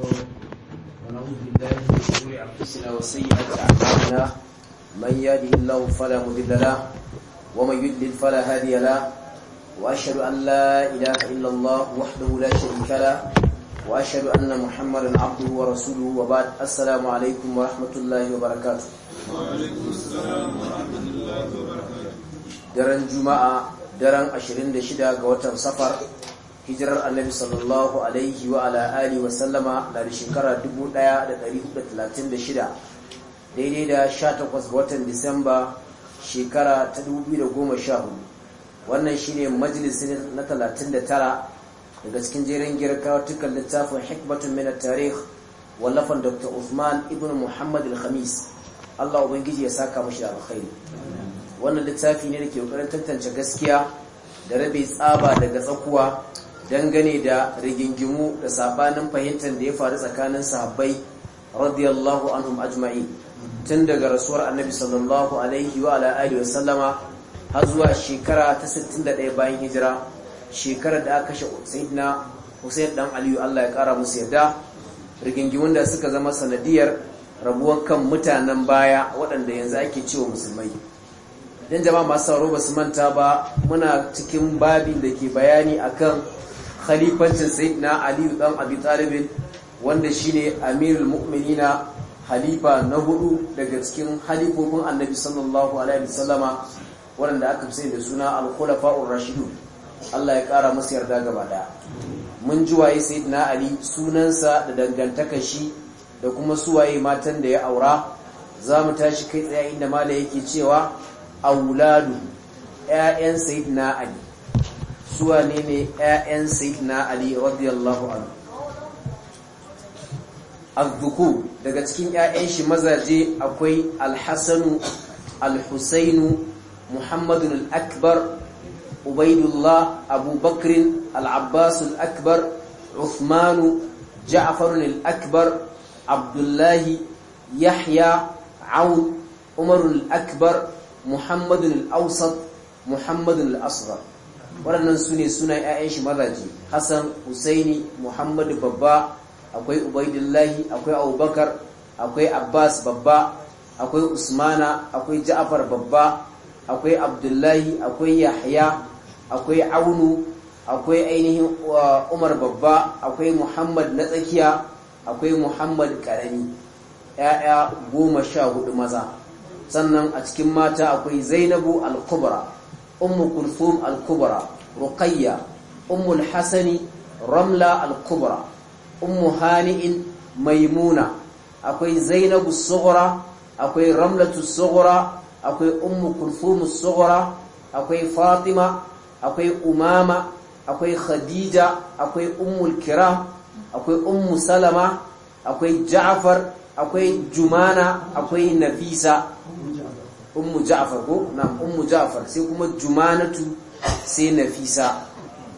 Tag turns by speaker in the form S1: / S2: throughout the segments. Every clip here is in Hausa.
S1: ونعوذ بالله من شرور انفسنا وسيئات اعمالنا من يهده الله فلا مضل له ومن يضلل فلا هادي له واشهد ان لا اله الا الله وحده لا شريك له واشهد ان محمدا عبده ورسوله وبعد السلام عليكم ورحمه الله وبركاته وعليكم السلام ورحمه الله وبركاته daren juma'a daren 26 ga watan safar hijirar annabi sallallahu alaihi wa ala alihi wa sallama na da shekara 1436 daidai da 18 ga watan disamba shekara ta 2014 wannan shine majalisi na 39 daga cikin jerin girkawa tukan littafin hikmatun na tarih wallafan dr usman ibn muhammad al-khamis allah ubangiji ya saka mashi da alkhairi wannan littafi ne da ke tantance gaskiya da rabe tsaba daga tsakuwa dangane da rigingimu da sabanin fahimtar da ya faru tsakanin sahabbai radiyallahu anhum ajma'in tun daga rasuwar annabi sallallahu alaihi wa ala alihi sallama har zuwa shekara ta 61 bayan hijira shekarar da aka kashe sayyidina Hussein dan Aliyu Allah ya kara musu yarda rigingimun da suka zama sanadiyar rabuwar kan mutanen baya waɗanda yanzu ake cewa musulmai dan jama'a masu sauraro ba su manta ba muna cikin babin da ke bayani akan khalifancin sayyidina ali dan abi talib wanda shine amirul mu'minina halifa na hudu daga cikin halifofin annabi sallallahu alaihi wasallama wanda aka fi da suna al ar rashidun Allah ya kara masa yarda gaba daya mun ji waye sayyidina ali sunansa da dangantakar shi da kuma su waye matan da ya aura za mu tashi kai tsaye inda mala yake cewa auladu 'ya'yan sayyidina ali suwa ne ne 'ya'yan sayyidina ali radiyallahu anhu azzuku daga cikin 'ya'yan shi mazaje akwai alhassanu alhussainu muhammadun al'akbar ubaidullah abubakrin al'abbasu al'akbar uthmanu ja'afarun al'akbar abdullahi yahya aun umar al'akbar muhammadun al'ausat muhammadun al'asghar waɗannan su ne suna 'ya'yan shi mazaje hassan husaini muhammadu babba akwai ubaidullahi akwai abubakar akwai abbas babba akwai usmana akwai ja'afar babba akwai abdullahi akwai yahya akwai aunu akwai ainihin uh, umar babba akwai muhammad na tsakiya akwai muhammad karami 'ya'ya goma sha hudu maza sannan a cikin mata akwai zainabu al-kubra ummu kulfum Alkubra, kubra ruqayya ummu al-hasani ramla Alkubra, kubra ummu hani'in maimuna akwai zainabu sughra akwai ramlatu sughra akwai ummu kulthum sughra akwai fatima akwai umama akwai khadija akwai ummul kiram akwai ummu salama akwai ja'far akwai jumana akwai nafisa ummu ja'far ko na'am ummu ja'far sai kuma jumanatu sai nafisa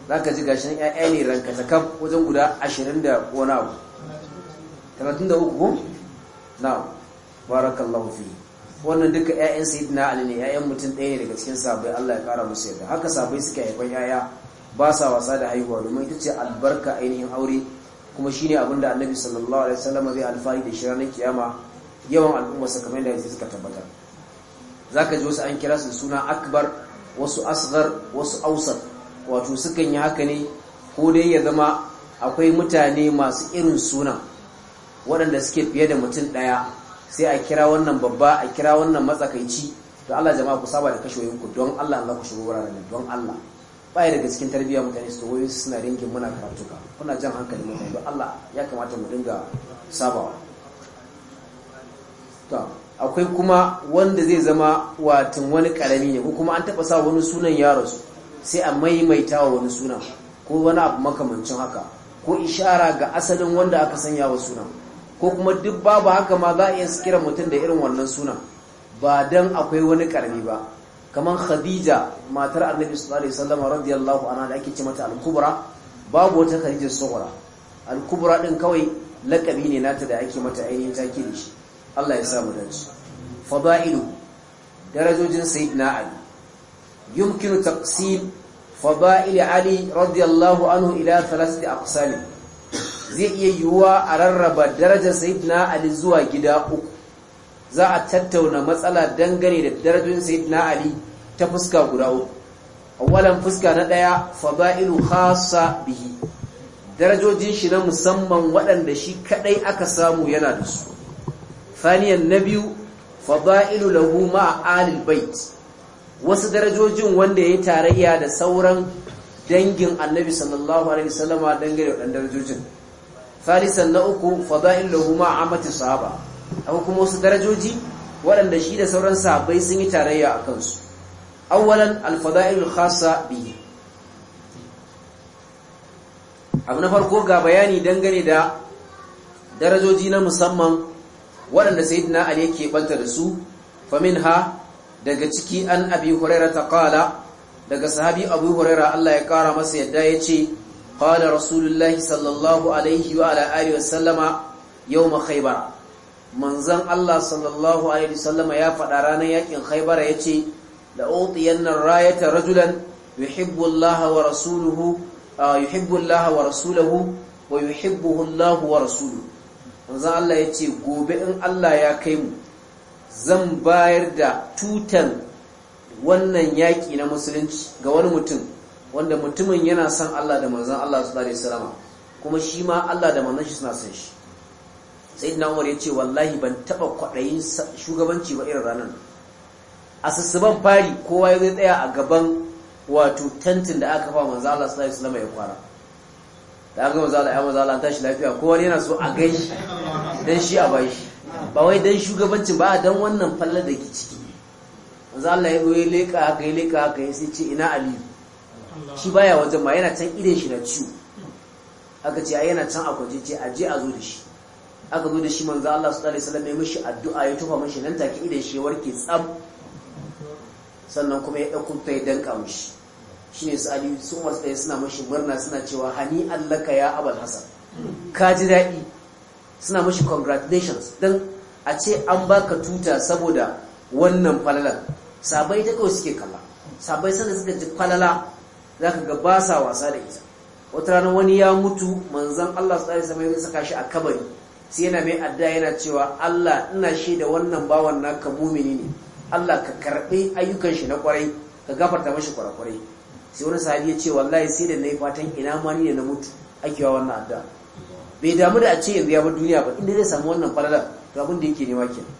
S1: zaka ji gashin ƴaƴa ne ranka kaf wajen guda 20 da wani abu 33 ko na'am barakallahu fi wannan duka ƴaƴan sayyidina ali ne ƴaƴan mutum ɗaya ne daga cikin sahabbai Allah ya kara musu yarda haka sahabbai suka haifan ƴaƴa ba sa wasa da haihuwa domin ita ce albarka ainihin aure kuma shine abin da annabi sallallahu alaihi wasallam zai alfahari da shi ranar kiyama yawan al'umma kamar da suka tabbatar zaka ji wasu an kira su suna akbar wasu asgar wasu ausar wato sukan yi haka ne ko dai ya zama akwai mutane masu irin sunan waɗanda suke fiye da mutum ɗaya sai a kira wannan babba a kira wannan matsakaici to Allah jama'a ku saba da kashoyin ku don Allah za ku shigo wuraren don Allah baya daga cikin tarbiyya mutane su tawoyi suna rinkin muna karatuka kuna jan hankali mutane don Allah ya kamata mu dinga sabawa akwai kuma wanda zai zama watin wani karami ne ko kuma an taba sa wani sunan yaro sai a maimaita wa wani sunan ko wani abu makamancin haka ko ishara ga asalin wanda aka sanya wa sunan ko kuma duk babu haka ma za a iya kira mutum da irin wannan sunan ba dan akwai wani karami ba kamar khadija matar annabi sallallahu alaihi wasallam radiyallahu anha da ake ce mata al-kubra babu wata khadija sughra al-kubra din kawai lakabi ne nata da ake mata ainihin take da shi Allah ya samu dace fada'ilu darajojin sayyidina ali yumkinu taqsim fada'il ali radiyallahu anhu ila thalathati aqsam zai iya yiwuwa a rarraba darajar sayyidina ali zuwa gida uku za a tattauna matsala dangane da darajojin sayyidina ali ta fuska guda uku awalan fuska na daya fada'ilu khassa bihi darajojin shi na musamman waɗanda shi kadai aka samu yana da su thaniyan na biyu fada'ilu lahu ma'a alil bait wasu darajojin wanda yi tarayya da sauran dangin annabi sallallahu alaihi wasallama da darajojin thalisan na uku fada'ilu lahu ma'a amati sahaba akwai kuma wasu darajoji waɗanda shi da sauran sahabbai sun yi tarayya a kansu awwalan al-fada'ilul khassa bihi abu na farko ga bayani dangane da darajoji na musamman waɗanda sayyidina ali yake banta da su ha daga ciki an abi hurera ta kala daga sahabi abu hurera Allah ya kara masa yadda ya ce, qala Rasulullah sallallahu alaihi wa Ala’ari wasallama yau ma khaybar manzan Allah sallallahu alaihi wasallama ya faɗa ranar yakin khaybar yace la utiyanna rayata rajulan yuhibbu Allah wa rasuluhu wa rasuluhu wa yuhibbuhu Allah wa rasuluhu manzan Allah ya ce gobe in Allah ya kai mu zan bayar da tutan wannan yaƙi na musulunci ga wani mutum wanda mutumin yana son Allah da manzan Allah su da salama kuma shi ma Allah da manzan shi suna son shi sai na umar ya ce wallahi ban taɓa kwaɗayin shugabanci ba irin ranar a sassaban fari kowa ya zai tsaya a gaban wato tantin da aka fa manzan Allah su da salama ya kwara da aka maza ya maza an tashi lafiya kowa yana so a gai don shi a bai shi ba wai dan shugabancin ba a dan wannan fallar da ke ciki maza Allah ya goye leka haka ya leka haka ya sai ce ina aliyu shi baya wajen ma yana can idan shi na ciwo aka ce a yana can a kwaje ce je a zo da shi aka zo da shi manzo Allah sallallahu alaihi wasallam ya mishi addu'a ya tufa mishi nan take idan shi warke tsab sannan kuma ya dauko ta ya danka mishi shi ne sa'adi, su ɗaya suna mashi murna suna cewa hani allaka ya abal hasan ka ji daɗi suna mashi congratulations don a ce an baka tuta saboda wannan falalar sabai ta kawai suke kalla sabai sanda suka ji falala za ka ga ba sa wasa da ita wata rana wani ya mutu manzan allah su ɗari sama saka shi a kabari sai yana mai adda yana cewa allah ina shi da wannan bawan naka mumini ne allah ka karɓi ayyukan shi na kwarai ka gafarta mashi kwarakwarai sai wani sahabi ya ce wallahi sai da yi fatan ina ma ni ne na mutu ake wa wannan adda bai damu da a ce yanzu ya bar duniya ba inda zai samu wannan falalar to abin da yake nema kenan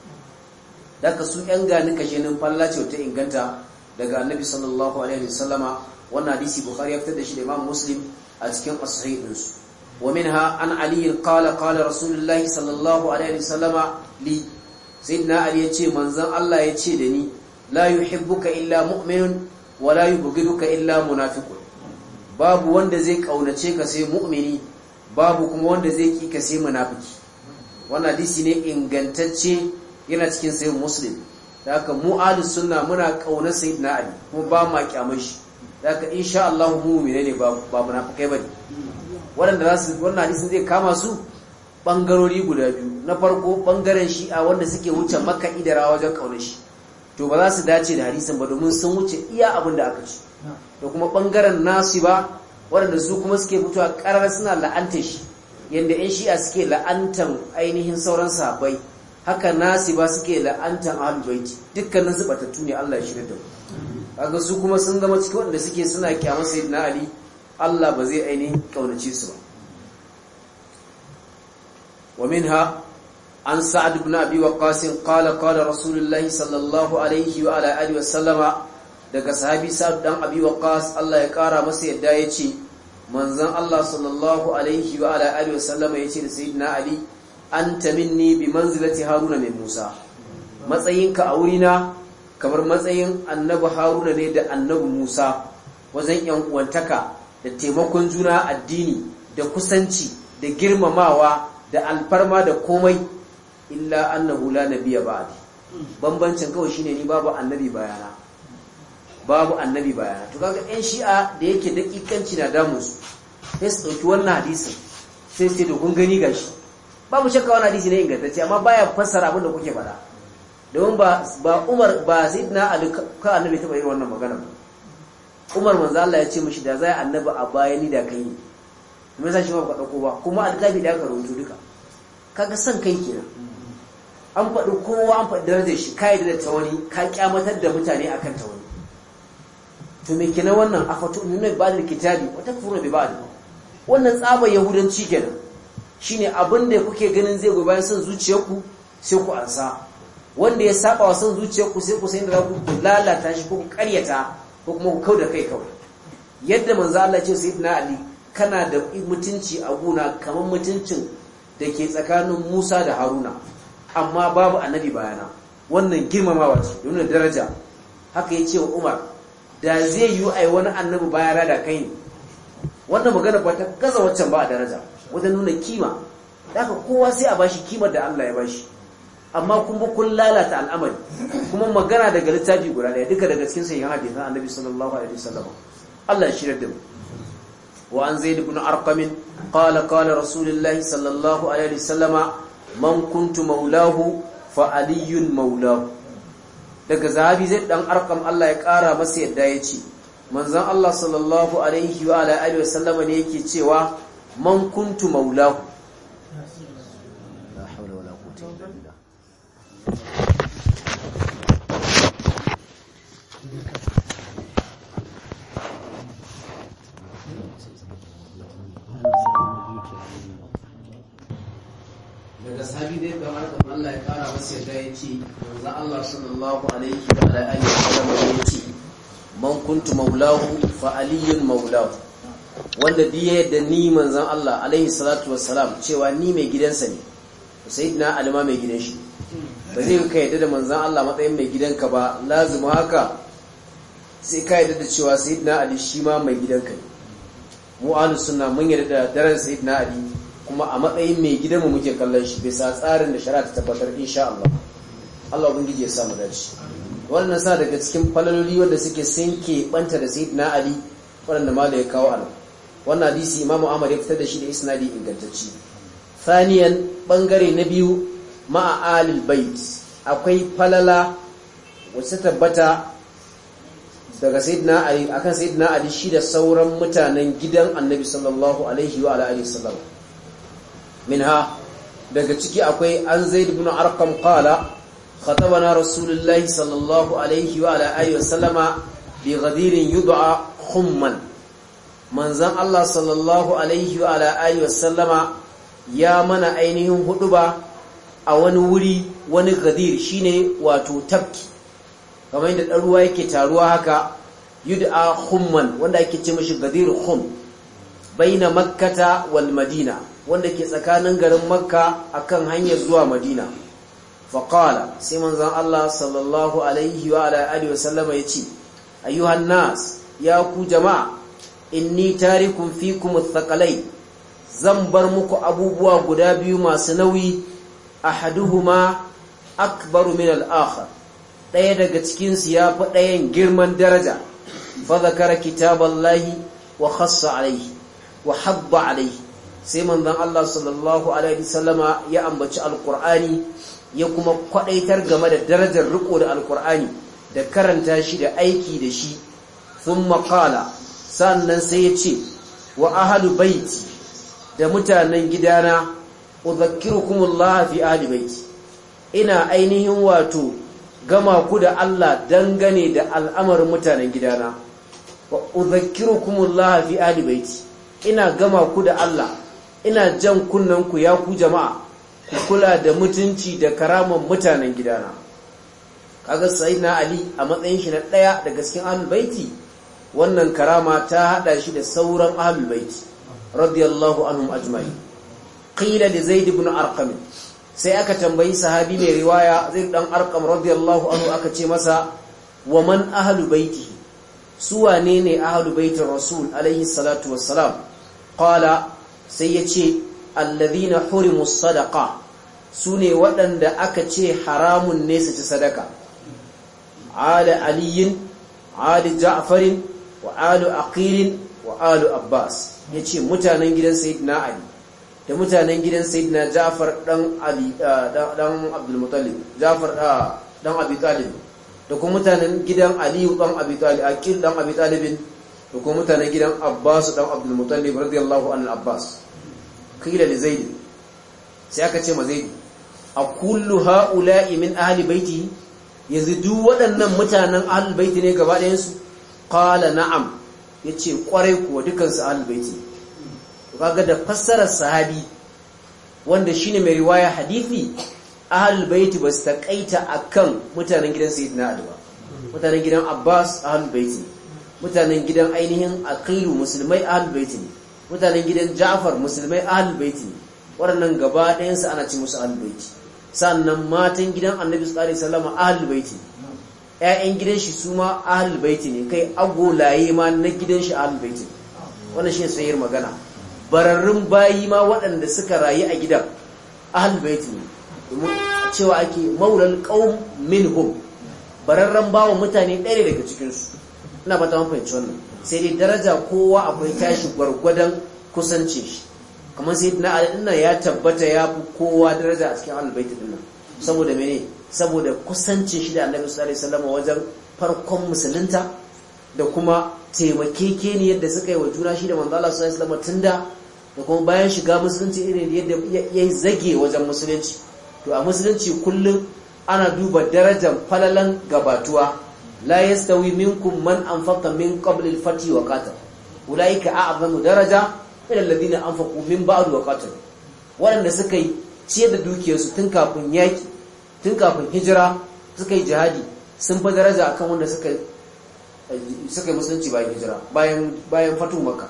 S1: daga su yan ganin kashe nan falala ce wata inganta daga annabi sallallahu alaihi wasallama wannan hadisi bukhari ya fitar da shi da imamu muslim a cikin as din su wa minha an ali qala qala rasulullahi sallallahu alaihi wasallama li sayyidina ali yace manzon Allah yace da ni la yuhibbuka illa mu'minun wala yubghiduka illa munafiqun babu wanda zai kaunace ka sai mu'mini babu kuma wanda zai ki ka sai munafiki wannan hadisi ne ingantacce yana cikin sai muslim da haka mu ahlus sunna muna kaunar sayyidina ali kuma ba ma kyamar shi da haka insha Allah mu'mini ne ba ba munafikai bane waɗanda za su wannan hadisin zai kama su bangarori guda biyu na farko bangaren a wanda suke wuce makka idara wajen kaunar shi to ba za su dace da hadisan ba domin sun wuce iya abin da aka ci da kuma bangaren nasu ba waɗanda su kuma suke fitowa ƙarar suna la'anta shi yadda 'yan shi'a suke la'antar ainihin sauran sahabbai haka nasu ba suke la'antar ahlul baiti dukkanin su batattu ne Allah ya da kaga su kuma sun zama cikin waɗanda suke suna kyamar na ali Allah ba zai ainihin ƙaunace su ba An sa'ad بن أبي وقاص قال قال رسول الله صلى الله عليه وعلى آله daga sahabi sa'ad dan abi waqas Allah ya kara masa yadda yace manzon Allah sallallahu alayhi wa ala alihi wasallama yace da sayyidina ali anta minni bi manzilati haruna min musa matsayinka a wurina kamar matsayin annabi haruna ne da annabi musa wajen yan uwantaka da taimakon juna addini da kusanci da girmamawa da alfarma da komai illa annahu la nabiyya ba'di bambancin kawai shine ni babu annabi bayana babu annabi bayana to kaga ɗan shi'a da yake dakikanci na damus sai su ɗauki wannan hadisin sai su to kun gani gashi babu shakka wannan hadisi ne ingantacce amma baya fassara abin da kuke faɗa domin ba ba Umar ba Sayyidina Ali ka annabi taɓa yi wannan magana ba Umar manzo Allah ya ce mishi da zai annabi a bayani da kai me yasa shi ba ka dauko ba kuma alƙabi da ka rubutu duka kaga san kai kenan an faɗi kowa an faɗi darajar shi ka da wani ka kyamatar da mutane akan wani. to me kenan wannan fatu nuna ba da kitabi wata kufuru bi ba wannan tsaba yahudanci kenan shine abin da kuke ganin zai goyi bayan son zuciyarku sai ku ansa wanda ya saba wa son zuciyarku sai ku sai da ku lalata shi ko ku karyata ko kuma ku da kai kawai yadda manzo Allah ya ce sayyidina Ali kana da mutunci a guna kamar mutuncin da ke tsakanin Musa da Haruna amma babu annabi bayana wannan girmamawa su yana daraja haka ya ce wa umar da zai yi a wani annabi bayana da kai wannan magana ba ta gaza waccan ba a daraja wajen nuna kima da aka kowa sai a bashi kimar da allah ya bashi amma kuma kun lalata al'amari kuma magana daga littafi guda daya, duka daga cikin sahihan na annabi sallallahu alaihi wasallam Allah ya shirya da mu wa an zaid ibn arqam qala qala rasulullahi sallallahu alaihi wasallama man kuntu maulahu fa aliyun maulahu daga zahabi zai dan arkam Allah ya kara masa yadda ya ce manzon Allah sallallahu alaihi wa alihi wa sallama ne yake cewa man kuntu maulahu la hawla wala quwwata illa billah sahabi dai ya kamata Allah ya kara masa yadda ya ce manzo Allah sallallahu alaihi wa alihi wa sallam ya ce man kuntu maulahu fa aliyun maulahu wanda biye da ni manzon Allah alaihi salatu wassalam cewa ni mai gidansa ne sayyidina ali ma mai gidan shi ba zai ka yadda da manzon Allah matsayin mai gidanka ba lazima haka sai ka yadda da cewa sayyidina ali shi ma mai gidanka ne mu ahlus sunna mun yadda da daren sayyidina ali kuma a matsayin mai gidanmu muke kallon shi bisa tsarin da shari'a ta tabbatar insha Allah Allah ubangiji ya samu dace wannan sa daga cikin falaloli wanda suke sinke banta da sayyidina Ali wanda ma da ya kawo anan wannan hadisi Imam Ahmad ya fitar da shi da isnadi ingantacci thaniyan bangare na biyu ma'a alil bait akwai falala wacce tabbata daga sayyidina Ali akan sayyidina Ali shi da sauran mutanen gidan Annabi sallallahu alaihi wa alihi wasallam minha daga ciki akwai an zaid ibn arqam qala khatabana rasulullahi sallallahu alaihi wa ala alihi wasallama bi ghadirin yud'a khumman manzan Allah sallallahu alaihi wa ala ya mana ainihin huduba a wani wuri wani gadir shine wato tafki kamar yadda ɗan ruwa yake taruwa haka yud'a humman, wanda ake ce mashi gadir khum baina makkata wal madina wanda ke tsakanin garin makka akan hanyar zuwa madina faƙala sai manzan allah sallallahu alaihi wa alaihi wa sallama ya ce ayyuhan nas ya ku jama'a inni tarikun fikum zan bar muku abubuwa guda biyu masu nauyi ahaduhuma akbaru min al ɗaya daga cikinsu ya fi ɗayan girman daraja fa zakara kitaballahi wa khassa alaihi wa habba alaihi sai manzon Allah sallallahu alaihi wasallama ya ambaci alkur'ani ya kuma kwadaitar game da darajar riko da alkur'ani da karanta shi da aiki da shi sun makala sannan sai ya ce wa ahlu baiti da mutanen gidana kuma fi ahalu baiti ina ainihin wato gama ku da Allah dangane da al'amarin mutanen gidana wa kuma fi ahalu baiti ina gama ku da Allah ina jan kunnanku ya ku jama'a ku kula da mutunci da karaman mutanen gidana kaga sayyidina ali a matsayin shi na daya daga cikin ahlul baiti wannan karama ta hada shi da sauran ahlul baiti radiyallahu anhum ajma'in qila li zaid ibn arqam sai aka tambayi sahabi mai riwaya zaid dan arqam radiyallahu anhu aka ce masa wa man ahlul baiti su wane ne ahlul baitin rasul alayhi salatu wassalam qala sai ya ce na hurimu sadaqa su ne waɗanda aka ce haramun ne su ci sadaka ala aliyin ali ja'farin wa alu aqilin wa alu abbas ce mutanen gidan sayyidina ali da mutanen gidan sayyidina ja'far dan ali dan abdul ja'far dan abi talib da kuma mutanen gidan ali dan abi talib aqil dan abi talibin da kuma mutanen gidan Abbas dan Abdul Muttalib radiyallahu anhu Abbas qila li Zaid sai aka ce ma Zaid a kullu ha'ula'i min ahli baiti yanzu duk waɗannan mutanen ahli baiti ne gaba ɗayan su qala na'am yace kwarai kuwa dukan su ahli baiti kaga da fassarar sahabi wanda shine mai riwaya hadisi ahli baiti ba su takaita akan mutanen gidan Sayyidina Ali ba mutanen gidan Abbas ahli baiti mutanen gidan ainihin aqilu musulmai ahlul bait ne mutanen gidan ja'far musulmai ahlul bait ne waɗannan gaba ɗayan ana ci musu ahlul bait sannan matan gidan annabi sallallahu alaihi wasallam ahlul bait ne ƴaƴan gidan shi su ma ahlul bait ne kai agolaye ma na gidan shi ahlul bait ne wannan shine sayar magana bararrun bayi ma waɗanda suka rayu a gidan ahlul bait ne kuma cewa ake maulal qaum minhum bararren bawa mutane ɗaya daga cikinsu ina ba ta fahimci wannan sai dai daraja kowa akwai tashi gwargwadon kusance shi kamar sai na dinnan ya tabbata ya fi kowa daraja a cikin albaitu dinnan saboda mene saboda kusance shi da annabi sallallahu alaihi wasallam wajen farkon musulunta da kuma taimakekeni yadda suka yi wa juna shi da manzo Allah sallallahu alaihi wasallam tunda da kuma bayan shiga musulunci irin yadda ya zage wajen musulunci to a musulunci kullum ana duba darajar falalan gabatuwa la yastawi minkum man anfaqa min qabl al fati wa qatal ulaika a'zamu daraja min alladhina anfaqu min ba'd wa qatal waɗanda suka yi ciyar da dukiyarsu tun kafin yaki tun kafin hijira suka yi jihadi sun fa daraja akan wanda suka suka yi musulunci bayan hijira bayan bayan fatu makka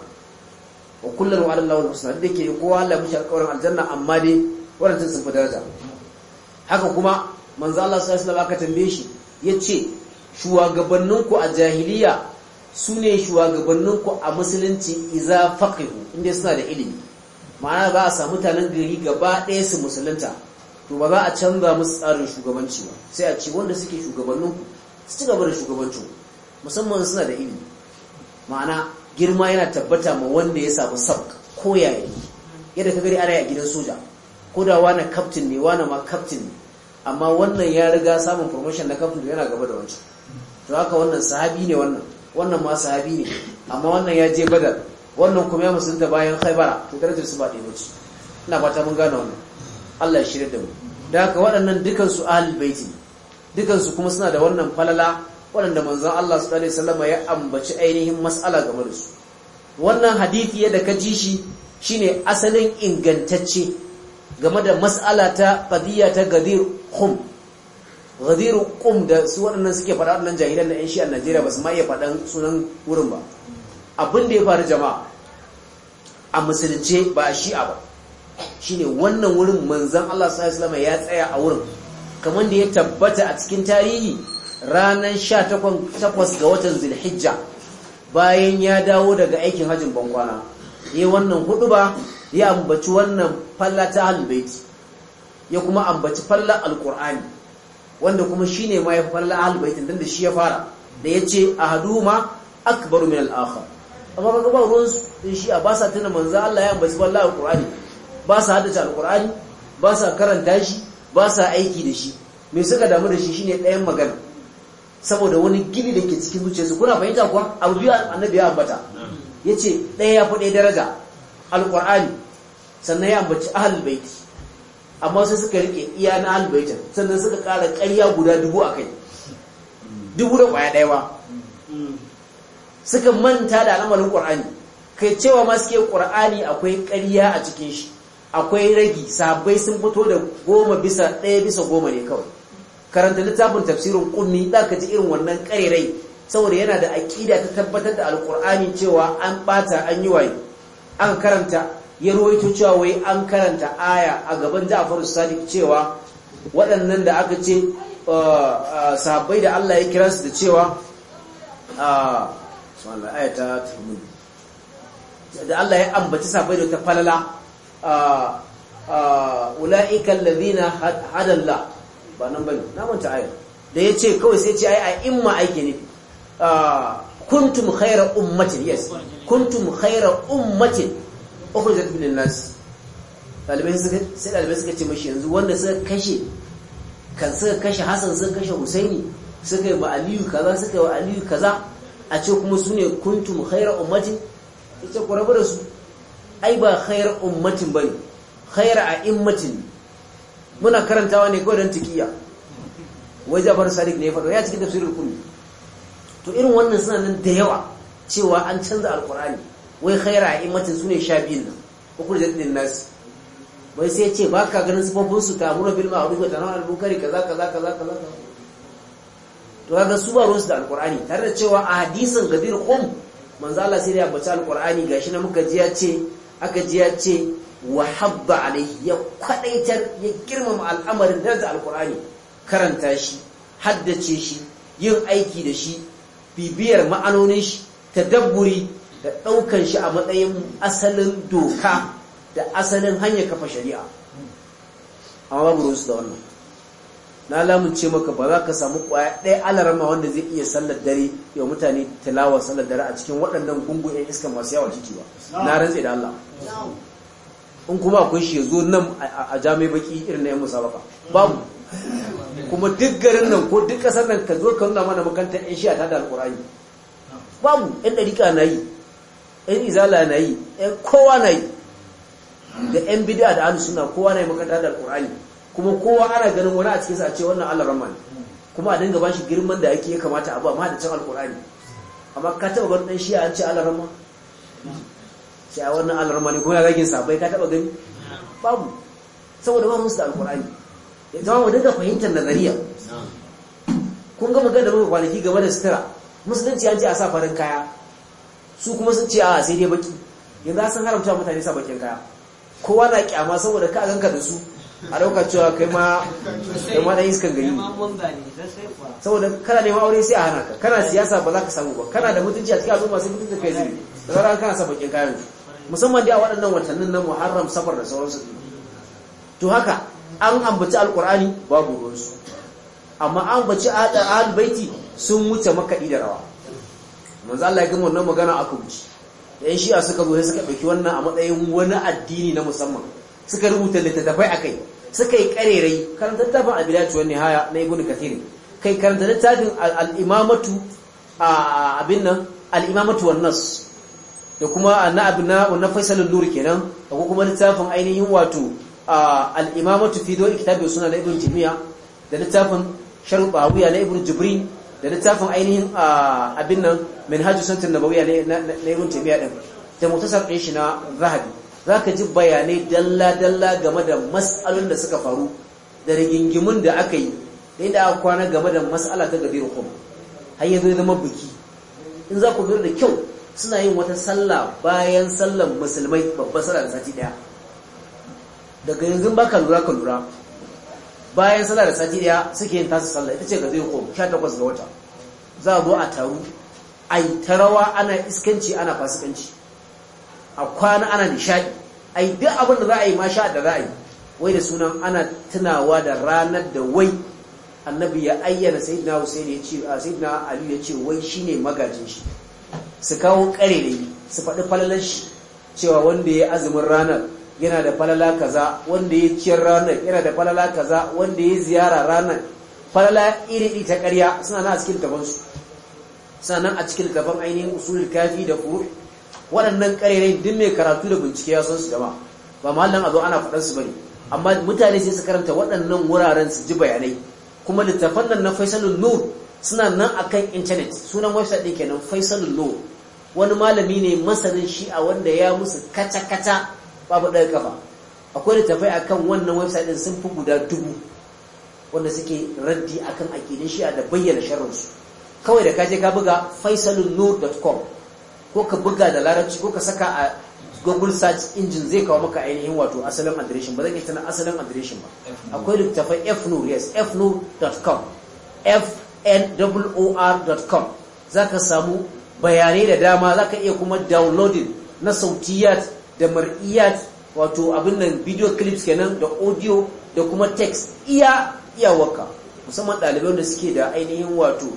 S1: wa kullun wa Allahu al-husna da yake kowa Allah mishi alƙawarin aljanna amma dai waɗanda sun fa daraja haka kuma manzo Allah sallallahu alaihi wasallam aka tambaye shi yace shugabanninku a jahiliya su ne shugabanninku a musulunci iza faƙihu inda suna da ilimi ma'ana za a sa mutanen gari gaba ɗaya su musulunta to ba za a canza musu tsarin shugabanci ba sai a ce wanda suke shugabanninku su ci gaba da shugabancin musamman suna da ilimi ma'ana girma yana tabbata ma wanda ya samu sabk ko yayi yadda ka gari ana a gidan soja ko da wani kaftin ne wani ma kaftin ne amma wannan ya riga samun promotion na kaftin yana gaba da wancan to haka wannan sahabi ne wannan wannan ma sahabi ne amma wannan ya je badar wannan kuma ya da bayan khaibara to darajar su ba ɗaya ba ina fata mun gane wannan Allah ya shirya da mu da haka waɗannan dukan su ahlul baiti dukan su kuma suna da wannan falala waɗanda manzon Allah sallallahu alaihi wasallam ya ambaci ainihin mas'ala game da su wannan hadisi yadda ka ji shi shine asalin ingantacce game da mas'ala ta qadiyya ta gadir khum ghadirul qum da su waɗannan suke faɗa waɗannan jahilan na 'yan shi a Najeriya ba su ma iya faɗan sunan wurin ba abin da ya faru jama'a a musulunce ba a shi'a ba shine wannan wurin manzon Allah sallallahu alaihi ya tsaya a wurin kamar da ya tabbata a cikin tarihi ranar 18 ga watan Zulhijja bayan ya dawo daga aikin hajjin bankwana yayi wannan hudu ba ya ambaci wannan falla ta ya kuma ambaci falla alkur'ani. wanda kuma ne ma ya falla ahlul bait dan da shi ya fara da yace aka akbaru min al-akhar amma kaga ruwan shi a ba sa tuna manzo Allah ya ambaci wallahi alqur'ani ba sa haddace alqur'ani ba sa karanta shi ba sa aiki da shi me suka damu da shi ne ɗayan magana saboda wani gini da ke cikin zuciyarsu kuna fahimta kuwa abu biyu annabi ya ambata yace ɗaya ya fi ɗaya daraja alqur'ani sannan ya ambaci ahlul amma sai suka rike iya na albaitin sannan suka kara karya guda dubu a kai dubu da ƙwaya ɗaya ba suka manta da al'amarin ƙwar'ani kai cewa ma suke ƙwar'ani akwai ƙarya a cikin shi akwai ragi sabai sun fito da goma bisa ɗaya bisa goma ne kawai karanta littafin tafsirin ƙunni za ka ji irin wannan ƙarerai saboda yana da aƙida ta tabbatar da alƙur'ani cewa an ɓata an yi waye an karanta ya ruwaito cewa wai an karanta aya a gaban Ja'far Sadiq cewa waɗannan da aka ce uh, uh, sahabbai da Allah ya kira su da cewa uh, subhanallah aya ta da Allah ya ambaci sahabbai da ta falala ulaika alladhina hadalla ba nan bane na manta aya da yace kawai sai ce ai a ma aike ne kuntum khayra ummatin yes kuntum khayra ummatin ukhrijat min nas dalibai suka sai dalibai suka ce mashi yanzu wanda suka kashe kan suka kashe Hassan suka kashe Husaini suka yi ba Aliyu kaza suka yi wa Aliyu kaza a ce kuma sune kuntum khayra ummatin ita ku rabu da su ai ba khayra ummatin bane khayra a'immatin muna karantawa ne kawai don tikiya wai Jabar Sadiq ne ya ya cikin tafsirul kulli to irin wannan suna nan da yawa cewa an canza alqur'ani wai khaira a imatin su ne sha biyun nan ukur da ɗin nasi wai sai ce ba ka ganin sufafin su ta mura bilma a rufe ta albukari kaza kaza kaza kaza to kaga su ba ruwansu da alkur'ani tare da cewa a hadisin gabir ƙum manzo Allah sai ya bace alkur'ani gashi na muka ji ya ce aka ji ya ce wa habba alaihi ya kwadaitar ya girmama al'amarin da alkur'ani karanta shi haddace shi yin aiki da shi bibiyar ma'anonin shi tadabburi da ɗaukan shi a matsayin asalin doka da asalin hanyar kafa shari'a amma babu ruwansu da wannan na lamunce maka ba za ka samu ƙwaya ɗaya alarama wanda zai iya sallar dare yau mutane tilawa sallar dare a cikin waɗannan gungun 'yan iska masu yawa ciki ba na rantse da Allah in kuma akwai shi ya zo nan a jami'ai baki irin na 'yan musabaka babu kuma duk garin nan ko duk ƙasar nan ka zo ka nuna mana makantar 'yan shi a tada alƙur'ani babu 'yan ɗarika na yi 'yan izala na yi 'yan kowa na yi da 'yan bidiyar da na kowa na yi makanta da alƙur'ani kuma kowa ana ganin wani a cikin a ce wannan allah rahman kuma a dinga ba shi girman da ake ya kamata a ba ma da can alƙur'ani amma ka taɓa ganin ɗan shi an ce allah rahman sai a wannan allah rahman kuma ya zagin sabai ka taɓa gani babu saboda ba musu da alƙur'ani ya zama mu dinga fahimtar nazariya kun ga magana da muka kwanaki game da sutura musulunci an ce a sa farin kaya su kuma sun ce a sai dai baki yanzu sun haramta mutane sa bakin kaya kowa na kyama saboda ka ganka da su a ɗauka cewa kai ma kai ma dan iskan gari saboda kana neman aure sai a hana ka kana siyasa ba za ka samu ba kana da mutunci a cikin al'umma sai mutunci kai zai da zaran kana sa bakin kayan musamman dai a waɗannan watannin na Muharram Safar da sauransu to haka an ambaci alkur'ani babu ruwansu amma an ambaci ahlul sun wuce makaɗi da rawa manzo Allah ya gama wannan magana a kubuci shi shi'a suka zo suka ɗauki wannan a matsayin wani addini na musamman suka rubuta littattafai a kai suka yi karerai karanta littafin abilatu wani haya na ibn kathir kai karanta littafin al'imamatu abin nan al'imamatu wan nas da kuma na abin na wannan faisalin nuri kenan da kuma littafin ainihin wato al'imamatu fi do kitabi suna na ibn timiya da littafin sharuɓa wuya na ibn jibrin da littafin ainihin abin nan manhajus santar nabawiyya ne na ibn taimiyya din da mutasar din shi na zahabi za ka ji bayanai dalla dalla game da mas'alun da suka faru da rigingimun da aka yi da inda aka kwana game da matsala ta gabe hukum har yanzu ya zama biki in za ku da kyau suna yin wata sallah bayan sallan musulmai babbar sallah da sati daya daga yanzu baka lura ka lura bayan sallar da sati daya suke yin tasu sallah ita ce ga zai kom 18 ga wata za a zo a taru a yi tarawa ana iskanci ana fasikanci a kwana ana nishadi a yi duk abin da za a yi ma sha da za a yi wai da sunan ana tunawa da ranar da wai annabi ya ayyana sayyidina Hussein ya ce a Ali ya ce wai shine magajin shi su kawo kare yi su faɗi falalar shi cewa wanda ya azumin ranar yana da falala kaza wanda ya ciyar ranar yana da falala kaza wanda ya ziyara ranar falala iri ta ƙarya suna nan a cikin su suna nan a cikin taban ainihin usulul kafi da ku waɗannan ƙarerai duk mai karatu da bincike ya san su jama ba mahallan a ana faɗan su bane amma mutane sai su karanta waɗannan wuraren su ji bayanai kuma littafan nan na faisalul nur suna nan akan intanet sunan website ɗin kenan faisalul nur wani malami ne masanin shi'a wanda ya musu kaca-kaca. babu ɗaya kafa akwai littafai akan wannan website ɗin sun fi guda dubu wanda suke raddi akan aƙidin shi'a da bayyana sharrinsu kawai da kaje ka buga faisalunur.com ko ka buga da larabci ko ka saka a google search engine zai kawo maka ainihin wato asalin adireshin ba zan yi tana asalin adireshin ba akwai tafai fnur yes fnur.com fnor.com za ka samu bayanai da dama za ka iya kuma downloading na sautiyat da mar'iyat wato abin nan video clips kenan da audio da kuma text iya iyawarka musamman ɗalibai da suke da ainihin wato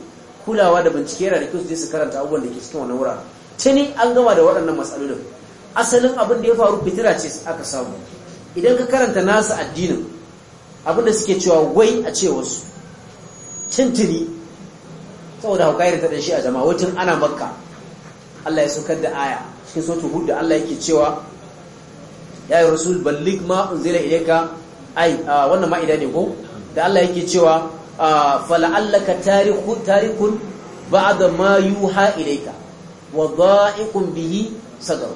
S1: kulawa da bincike yana da kyau su je su karanta abubuwan da ke cikin wannan wura tuni an gama da waɗannan matsalolin asalin abin da ya faru fitira ce aka samu idan ka karanta nasu addinin abin da suke cewa wai a ce wasu tintini saboda hauka ta shi a jama'a wutun ana makka Allah ya saukar da aya cikin sautu hudu Allah yake cewa ya yi rasul ballig ma unzila ilayka ai wannan ma'ida ne ko da Allah yake cewa fala'allaka tarikun tarikun ba'da ma yuha ilayka wa dha'iqun bihi sadr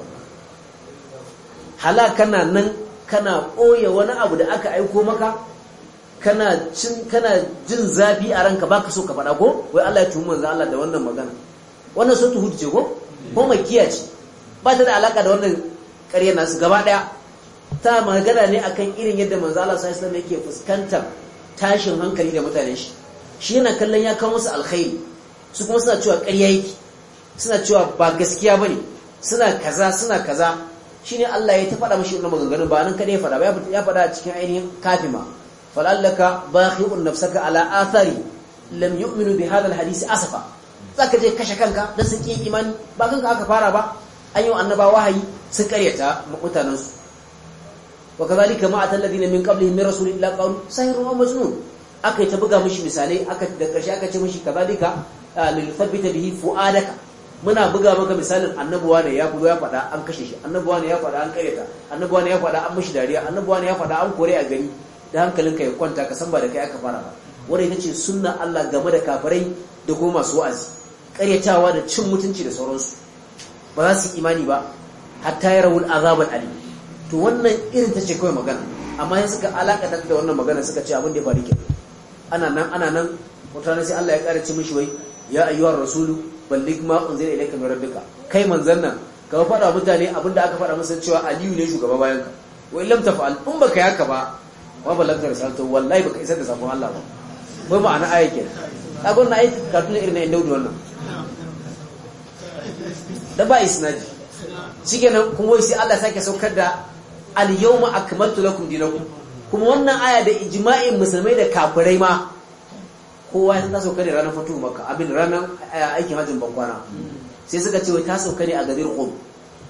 S1: hala nan kana koye wani abu da aka aiko maka kana cin kana jin zafi a ranka baka so ka faɗa ko wai Allah ya tuhu manzo Allah da wannan magana wannan so tuhud ce ko ko makiya ce ba ta da alaka da wannan ƙarya nasu gaba daya ta magana ne akan irin yadda manzo Allah sallallahu alaihi yake fuskantar tashin hankali da mutanen shi shi yana kallon ya kawo musu alkhairi su kuma suna cewa ƙarya yake suna cewa ba gaskiya bane suna kaza suna kaza shine Allah ya ta faɗa mishi wannan maganganun ba nan kada ya faɗa ba ya faɗa cikin ainihin kafima falallaka bakhi'un nafsaka ala athari lam yu'minu bi hadha alhadisi asafa zaka je kashe kanka dan sun imani ba kanka aka fara ba an yi annaba wahayi sun karyata mutanansu wa kazalika ma atal ladina min qablihim min rasulin illa qalu sahirun wa majnun aka ta buga mishi misalai aka da karshe aka ce mishi kazalika lil thabbita bihi fuadaka muna buga maka misalin annabuwa ne ya gudu ya fada an kashe shi annabuwa ne ya fada an kareta annabuwa ne ya fada an mishi dariya annabuwa ne ya fada an kore a gani da hankalinka ya kwanta ka san ba da kai aka fara ba wanda ita ce sunna Allah game da kafirai da kuma masu wa'azi karyatawa da cin mutunci da sauransu ba za su imani ba hatta yarawul azabul alim to wannan irin ta ce kawai magana amma yin suka alakatar da wannan magana suka ce abin da ya faru ke ana nan ana nan mutane sai Allah ya ƙara ci mishi wai ya ayyuhar rasulu balligh ma unzila ilayka min rabbika kai manzon nan ka faɗa mutane abin da aka faɗa masa cewa aliyu ne shugaba bayan ka wai lam tafa'al in baka yaka ba wa balagta risalatu wallahi baka isar da sabon Allah ba wai ma'ana aya kenan kaga wannan ayi kartun irin na daudi wannan da ba isnadi shikenan kuma sai Allah sake saukar da al-yawma akmaltu lakum dinakum kuma wannan aya da ijma'in musulmai da kafirai ma kowa ya ta sauka ne ranar fatu makka abin ranar eh, aikin hajjin bankwana sai suka ce ta sauka ne a garin qum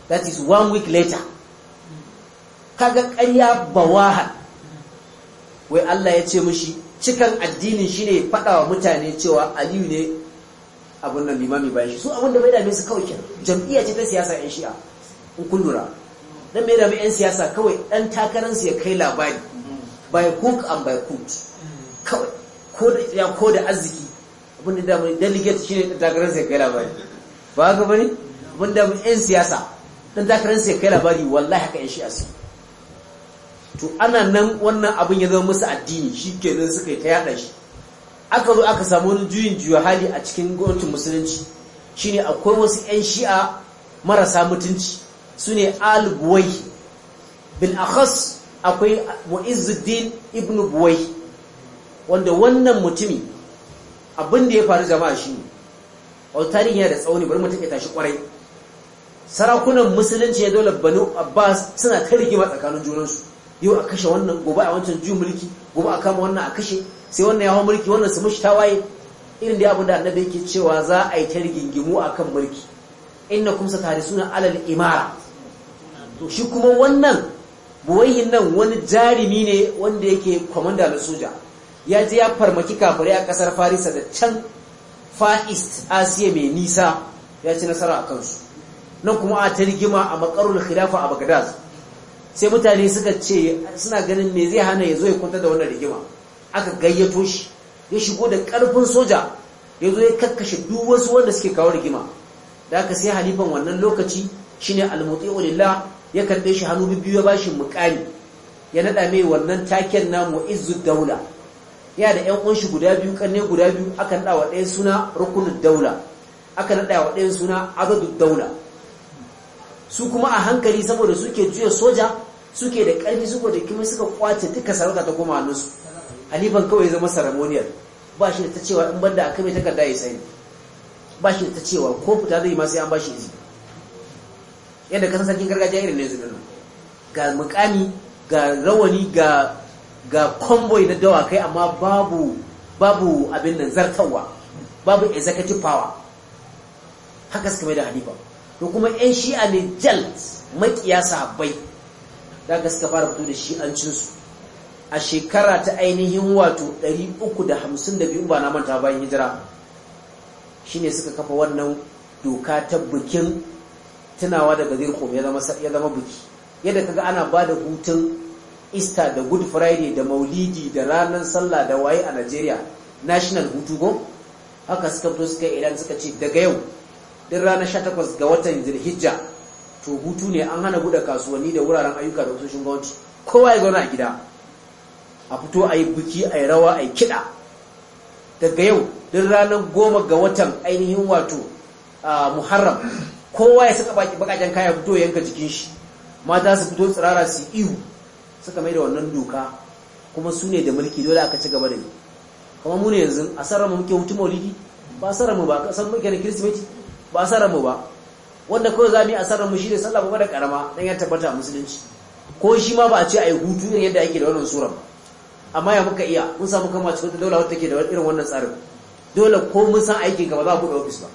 S1: that is one week later kaga ƙarya bawahan wai Allah ya ce mishi cikan addinin shine faɗawa wa mutane cewa Aliyu ne abun nan limami bayan shi su abun da bai dame su kawai kenan jam'iyya ce ta siyasa 'yan shi'a in kun lura nan mai rami 'yan siyasa kawai ɗan takararsu ya kai labari by hook and by hook kawai ko da arziki abin da damu delegate shi ne ɗan takararsu ya kai labari ba haka ba ne abin 'yan siyasa ɗan takararsu ya kai labari wallahi haka 'yan shi'a su to ana nan wannan abin ya zama musu addini shi kenan suka yi ta yada shi aka zo aka samu wani juyin juya hali a cikin gwamnatin musulunci shine akwai wasu 'yan shi'a marasa mutunci su ne al-buwai bin akas akwai wa'izuddin ibn buwai wanda wannan mutumi abinda ya faru jama'a shi ne autari yana da tsauni bari mutum ya tashi kwarai sarakunan musulunci ya dole banu abbas suna ta rigima tsakanin junansu yau a kashe wannan gobe a wancan juyin mulki gobe a kama wannan a kashe sai wannan ya hau mulki wannan su mashi tawaye irin da abu da annabi yake cewa za a yi ta rigingimu kan mulki kumsa tare suna alal imara to shi kuma wannan buwayin nan wani jarimi ne wanda yake kwamanda na soja ya je ya farmaki kafare a kasar farisa da can far east asiya mai nisa ya ci nasara a kansu nan kuma a ta rigima a makarul khilafa a bagdad sai mutane suka ce suna ganin me zai hana ya zo ya kwanta da wannan rigima aka gayyato shi ya shigo da karfin soja ya zo ya kakkashe duk wasu wanda suke kawo rigima da aka sai halifan wannan lokaci shine al lillah ya karɓe shi hannu biyu ya bashi mukami ya naɗa mai wannan taken namu izzud daula ya da 'yan uwanshi guda biyu ƙarni guda biyu aka naɗa wa ɗaya suna rukunin daula aka naɗa wa ɗaya suna azadud daula su kuma a hankali saboda suke juya soja suke da ƙarfi suke da kima suka kwace duka sarauta ta koma hannunsu halifan kawai zama saramoniyar ba shi da ta cewa in banda a kame takarda ya sani ba shi da ta cewa ko fita zai ma sai an ba shi izini yadda kasan sarkin gargajiya irin ne zubin ga mukami ga rawani ga ga na na dawakai amma babu babu abin nan zartarwa babu executive power haka suka mai da halifa to kuma yan shi'a ne jalt makiya da ga suka fara fito da shi'ancinsu a shekara ta ainihin wato 352 ba na manta bayan hijira shine suka kafa wannan doka ta bikin tunawa daga gadir kome ya zama ya biki yadda kaga ana ba da hutun Easter da Good Friday da Maulidi da ranar sallah da waye a nigeria national hutu go haka suka fito suka idan suka ce daga yau din ranar 18 ga watan zirhijja to hutu ne an hana bude kasuwanni da wuraren ayyuka da ofisoshin gwamnati kowa ya zauna a gida a fito a yi biki a yi rawa a yi kiɗa daga yau din ranar goma ga watan ainihin wato ah, muharram kowa ya saka bakaken kaya fito yanka jikin shi mata su fito tsirara su ihu suka mai da wannan doka kuma su ne da mulki dole aka ci gaba da ni kuma mu ne yanzu a sarrafa muke hutu maulidi ba a sarrafa ba san muke na kirsimeti ba a sarrafa ba wanda kawai za mu yi a sarrafa shi ne sallah babba da karama don ya tabbata a musulunci ko shi ma ba a ce a yi hutu irin yadda ake da wannan sura ba amma ya muka iya mun samu kama cikin dole wata take da irin wannan tsarin dole ko mun san aikin ka ba za a buɗe ofis ba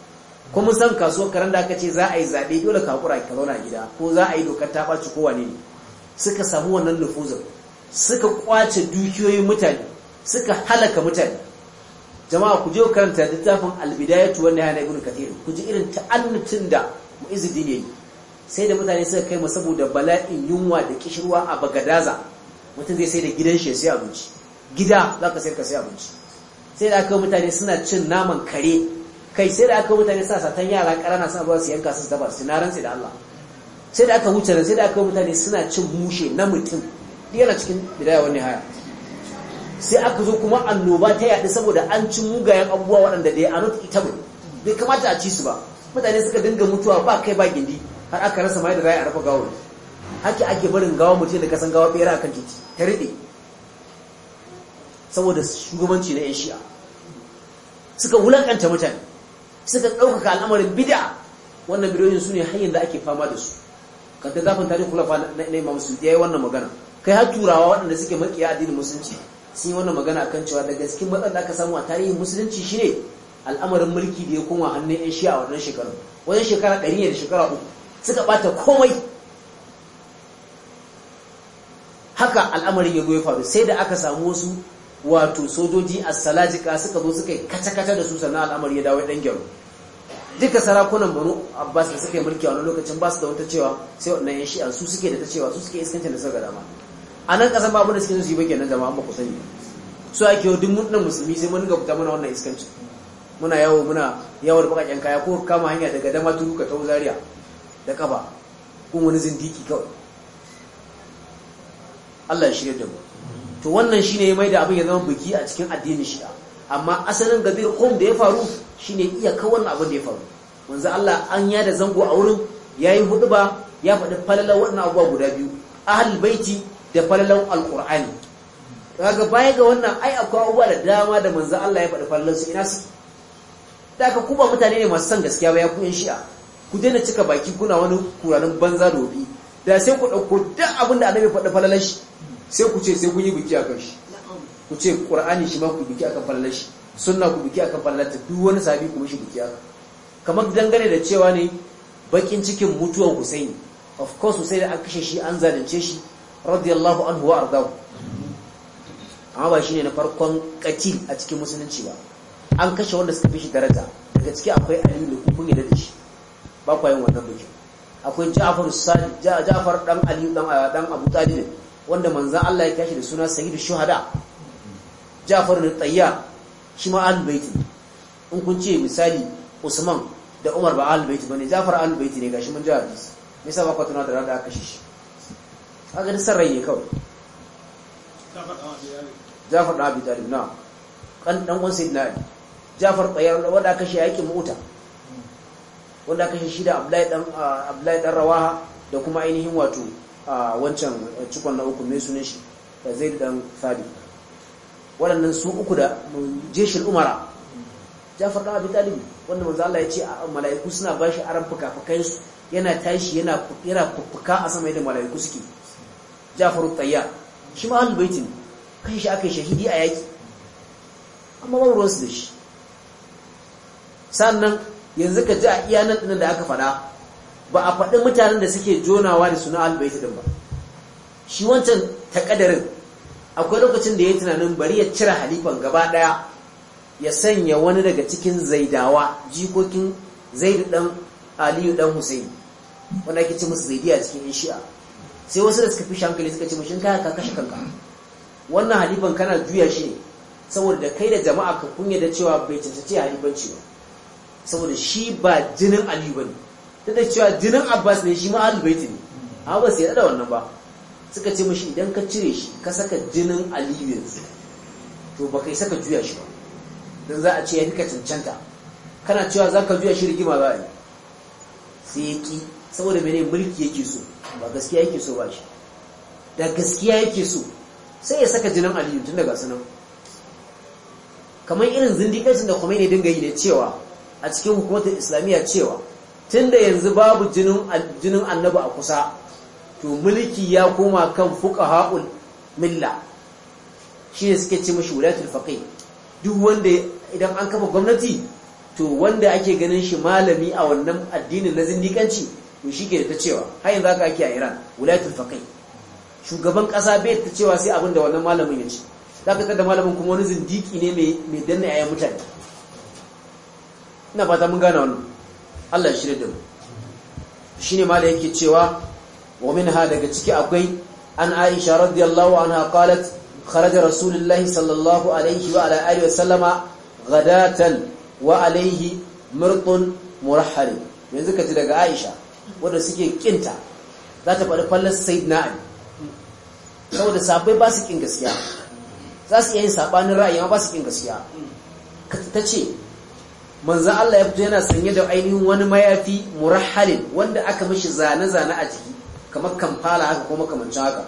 S1: ko mun san kasuwar karen da aka ce za a yi zaɓe dole ka hakura ka zauna gida ko za a yi dokar ta ɓaci ko wane ne suka samu wannan nufuzar suka kwace dukiyoyin mutane suka halaka mutane jama'a ku je ku karanta littafin albidayatu wanda yana ibn kathir ku ji irin ta'annutin da mu'izuddin yayi sai da mutane suka kai mu saboda bala'in yunwa da kishirwa a bagadaza mutum zai sai da gidan shi sai abinci gida zaka sai ka sai abinci sai da aka mutane suna cin naman kare kai sai da aka mutane sa satan yara karana suna ba su yanka su dabar su na ransa da Allah sai da aka wuce ran sai da aka mutane suna cin mushe na mutum yana cikin bidaya wani haya sai aka zo kuma annoba ta yaɗu saboda an ci mugayen abubuwa waɗanda da ya anot ita ba bai kamata a ci su ba mutane suka dinga mutuwa ba kai ba gindi har aka rasa mai da raya a rafa gawar haka ake barin gawa mutum da kasan gawa bera akan titi ta riɗe saboda shugabanci na 'yan shi'a suka wulakanta mutane suka ɗaukaka al'amarin bid'a wannan bidiyoyin su ne hanyar da ake fama da su kanta zafin tarihin kulafa na imam su ya yi wannan magana kai har turawa waɗanda suke makiya addinin musulunci sun yi wannan magana kan cewa daga cikin matsalar da aka samu a tarihin musulunci ne al'amarin mulki da ya koma hannun yan shi'a a wannan shekaru wajen shekara ɗari ne da shekara uku suka ɓata komai haka al'amarin ya goye faru sai da aka samu wasu wato sojoji a salajika suka zo suka yi kacakata da su sannan al'amari ya dawo ɗan gyaru duka sarakunan banu abbas da suka yi mulki a wani lokacin ba su da wata cewa sai waɗannan yan shi'a su suke da ta cewa su suke iskanta da suka dama a nan ƙasar ba abin da suke su yi ba kenan jama'a ba ku sani su ake yau duk mutunan musulmi sai mun ga fita mana wannan iskanci muna yawo muna yawo da bakakken kaya ko kama hanya daga dama turu ka tau zaria da kaba ko wani zindiki kawai Allah ya shirya da mu to wannan shi ne mai da abin ya zama biki a cikin addinin shi'a amma asalin gabir qum da ya faru shi shine iyaka wannan abin da ya faru Wanzu Allah an yada zango a wurin ya yi yayi ba ya faɗi falalar wannan abuwa guda biyu ahal baiti da falalar alkur'ani daga baya ga wannan ai akwai abubuwa da dama da manzo Allah ya faɗi falalar su ina su ka kuma mutane ne masu san gaskiya ba ya ku yan shi'a ku daina cika baki kuna wani kuranin banza dobi da sai ku dauko duk abin da annabi faɗi falalar shi sai ku ce sai kun yi biki kan shi ku ce ƙura'ani shi ma ku biki kan fallar shi suna ku biki kan fallar ta duk wani sabi kuma shi biki kan kamar dangane da cewa ne bakin cikin mutuwan Hussaini of course da an kashe shi an zalunce shi radiyallahu anhu wa ardahu amma ba shine na farkon kaci a cikin musulunci ba an kashe wanda suka fi shi daraja daga ciki akwai aliyu da kun yadda da shi ba kwa yin wannan bikin akwai Ja'far Ja'far dan Ali dan ah, dan Abu Talib wanda manzan Allah ya kashi da suna sayyidu shuhada Ja'far da Tayya shi ma ahlul in kun ce misali Usman da Umar ba ahlul ba ne. Ja'far ahlul bait ne gashi mun ji hadisi me yasa ba ku tuna da ran aka kashe shi kaga da rai ne kawai Ja'far da Abi Talib na kan dan uwan sayyidina Ali Ja'far Tayya wanda aka kashe yakin Mu'ta wanda aka kashe shi da Abdullahi dan ah, Abdullahi dan Rawaha da kuma ainihin wato a wancan cikon na uku mai sunan shi da zai dan fadi waɗannan su uku da jeshin umara ja ɗan a talib wanda manzo Allah ya ce mala'iku suna ba shi aran fuka-fukai su yana tashi yana yana a sama yadda mala'iku suke Jafaru tayya shi ma ahlul baitin kai shi aka shahidi a yaki amma ba ruwan su da shi sannan yanzu ka ji a iyanar ɗin da aka faɗa ba a faɗi mutanen da suke jonawa da suna albaiti din ba shi wancan takadarin akwai lokacin da ya yi tunanin bari ya cire halifan gaba ɗaya ya sanya wani daga cikin zaidawa jikokin zaidu ɗan aliyu ɗan husaini wanda ake ce musu zaidiya cikin shi'a sai wasu da suka fi shankali suka ce mashin kaya ka kashe kanka wannan halifan kana juya shi ne saboda kai da jama'a ka kunya da cewa bai cancanci halifanci ba saboda shi ba jinin aliyu ba ne ta da cewa jinin abbas ne shi ma alubaiti ne amma ba su da wannan ba suka ce mashi idan ka cire shi ka saka jinin aliyu yanzu to ba kai saka juya shi ba don za a ce ya fi ka cancanta kana cewa za ka juya shi rigima za a yi sai ya ki saboda mene mulki yake so ba gaskiya yake so ba shi da gaskiya yake so sai ya saka jinin aliyu tun daga sunan kamar irin zindiƙancin da kuma ne dinga yi ne cewa a cikin hukumar islamiyya cewa tun da yanzu babu jinin annabi a kusa to mulki ya koma kan fuka ha'ul milla shi ne suke ce mashi wulatul faƙai duk wanda idan an kafa gwamnati to wanda ake ganin shi malami a wannan addinin na zindikanci, to shi ke da ta cewa hayin za ka ake a iran wulatul faƙai shugaban ƙasa bai ta cewa sai abin da wannan malamin ya ce za ka da malamin kuma wani zindiki ne mai danna yayan mutane ina fata mun gane wannan Allah ya shirya da mu shine mala yake cewa wa minha daga ciki akwai an Aisha radiyallahu anha qalat kharaja rasulullahi sallallahu alaihi wa ala alihi wa sallama ghadatan wa alaihi murtun murahhal yanzu ka ji daga Aisha wanda suke kinta za ta faɗi fallar sayyidina Ali saboda sabai ba su kin gaskiya za su iya yin sabanin ra'ayi ma ba su kin gaskiya ta ce manzo Allah ya fito yana sanye da ainihin wani mayafi murahhalin wanda aka mishi zane-zane a jiki kamar kamfala haka kuma makamancin haka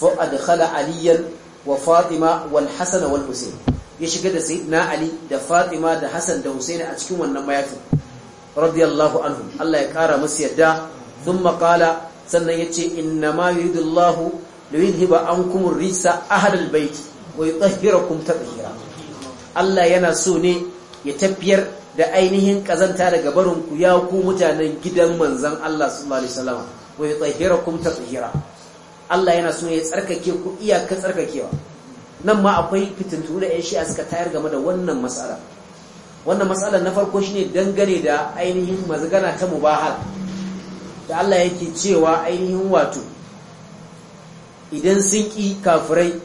S1: fa adkhala aliyan wa fatima wal hasan wal ya shiga da sayyidina ali da fatima da hasan da husayn a cikin wannan mayafin radiyallahu anhu Allah ya kara musu yadda thumma qala sannan yace inna ma yuridu Allahu liyuhiba ankum ar-risa ahad al-bayt wa yutahhirakum tatheera Allah yana so ne ya tafiyar da ainihin kazanta daga barinku ya ku mutanen gidan manzan Allah sallallahu alaihi wasallam wa yutahhirakum tsahira. Allah yana so ya tsarkake ku iyaka tsarkakewa nan ma akwai fitintu da yan shi'a suka tayar game da wannan mas'ala wannan matsalar na farko shine dangane da ainihin mazgana ta mubahal da Allah yake cewa ainihin wato idan sun ki kafirai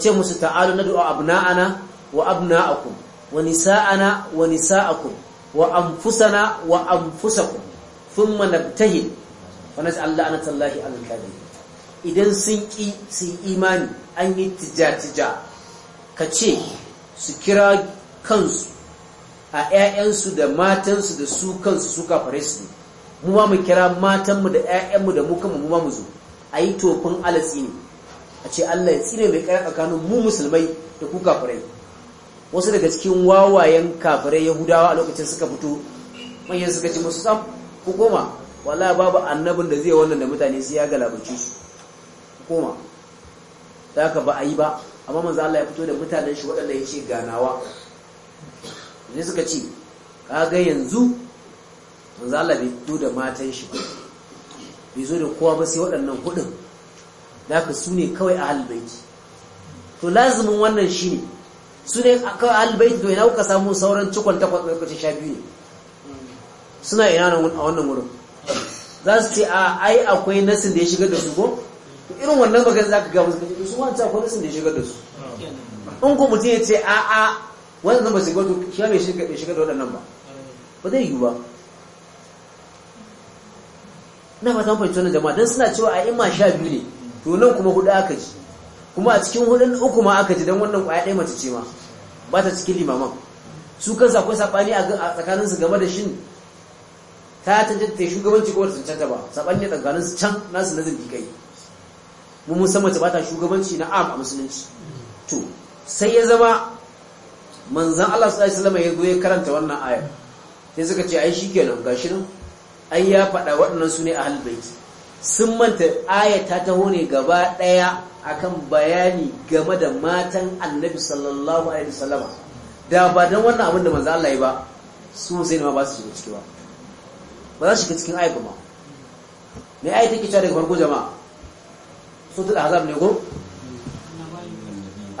S1: ce musu ta'alu na du'a abna'ana wa abna'akum wa nisa'ana wa nisa'akum wa anfusana wa anfusakum thumma nabtahi wa nas'al la'nata Allahi 'alal kadhib idan sun ki su imani an yi tija-tija ka ce su kira kansu a 'ya'yansu da matansu da su kansu su kafare su mu ma mu kira matanmu da 'ya'yanmu da mu mu ma mu zo a yi tofin alatsi ne a ce Allah ya tsine mai kara tsakanin mu musulmai da ku kafirai wasu daga cikin wawayen kafirai yahudawa a lokacin suka fito manyan suka ci musu sam hukuma koma wala babu annabin da zai wannan da mutane su ya galabace su hukuma koma da haka ba a yi ba amma manzo Allah ya fito da mutanen shi waɗanda ya ce ganawa ne suka ce kaga yanzu manzo Allah bai fito da matan shi ba bai zo da kowa ba sai waɗannan hudun da haka su ne kawai a halbaiki to lazimin wannan shi ne su ne akan albaiti to ina kuka samu sauran cikon takwas mai kace sha biyu ne suna ina nan a wannan wurin za su ce a ai akwai nasin da ya shigar da su ko irin wannan magana za ka ga musu kaji su wanta akwai nasin da ya shigar da su in ku mutum ya ce a a wannan zama shiga da shi bai shigar da shigar da waɗannan ba ba zai yiwu ba na fata mun fahimci wannan jama'a don suna cewa a ima sha biyu ne to nan kuma hudu aka ji kuma a cikin hudun uku ma aka ji don wannan kwaya ɗaya mace ce ma ba ta cikin limaman su sa akwai saɓani a tsakaninsu game da shin ta cancanta ta shugabanci ko ta cancanta ba saɓani ne tsakaninsu can nasu nazin kai mun musamman mace ba ta shugabanci na am a musulunci to sai ya zama manzan Allah su ɗaisi zama ya zo ya karanta wannan aya sai suka ce ai shi kenan gashi nan ai ya faɗa waɗannan su ne a halbaiki sun manta ayar ta taho ne gaba ɗaya akan bayani game da matan annabi sallallahu alaihi wasallama da ba dan wannan abin da manzo Allah ya ba su sai ne ma ba su shiga cikin ba ba za su shiga cikin ayyuka ba me ayi take cewa daga farko jama'a sutul azab ne ko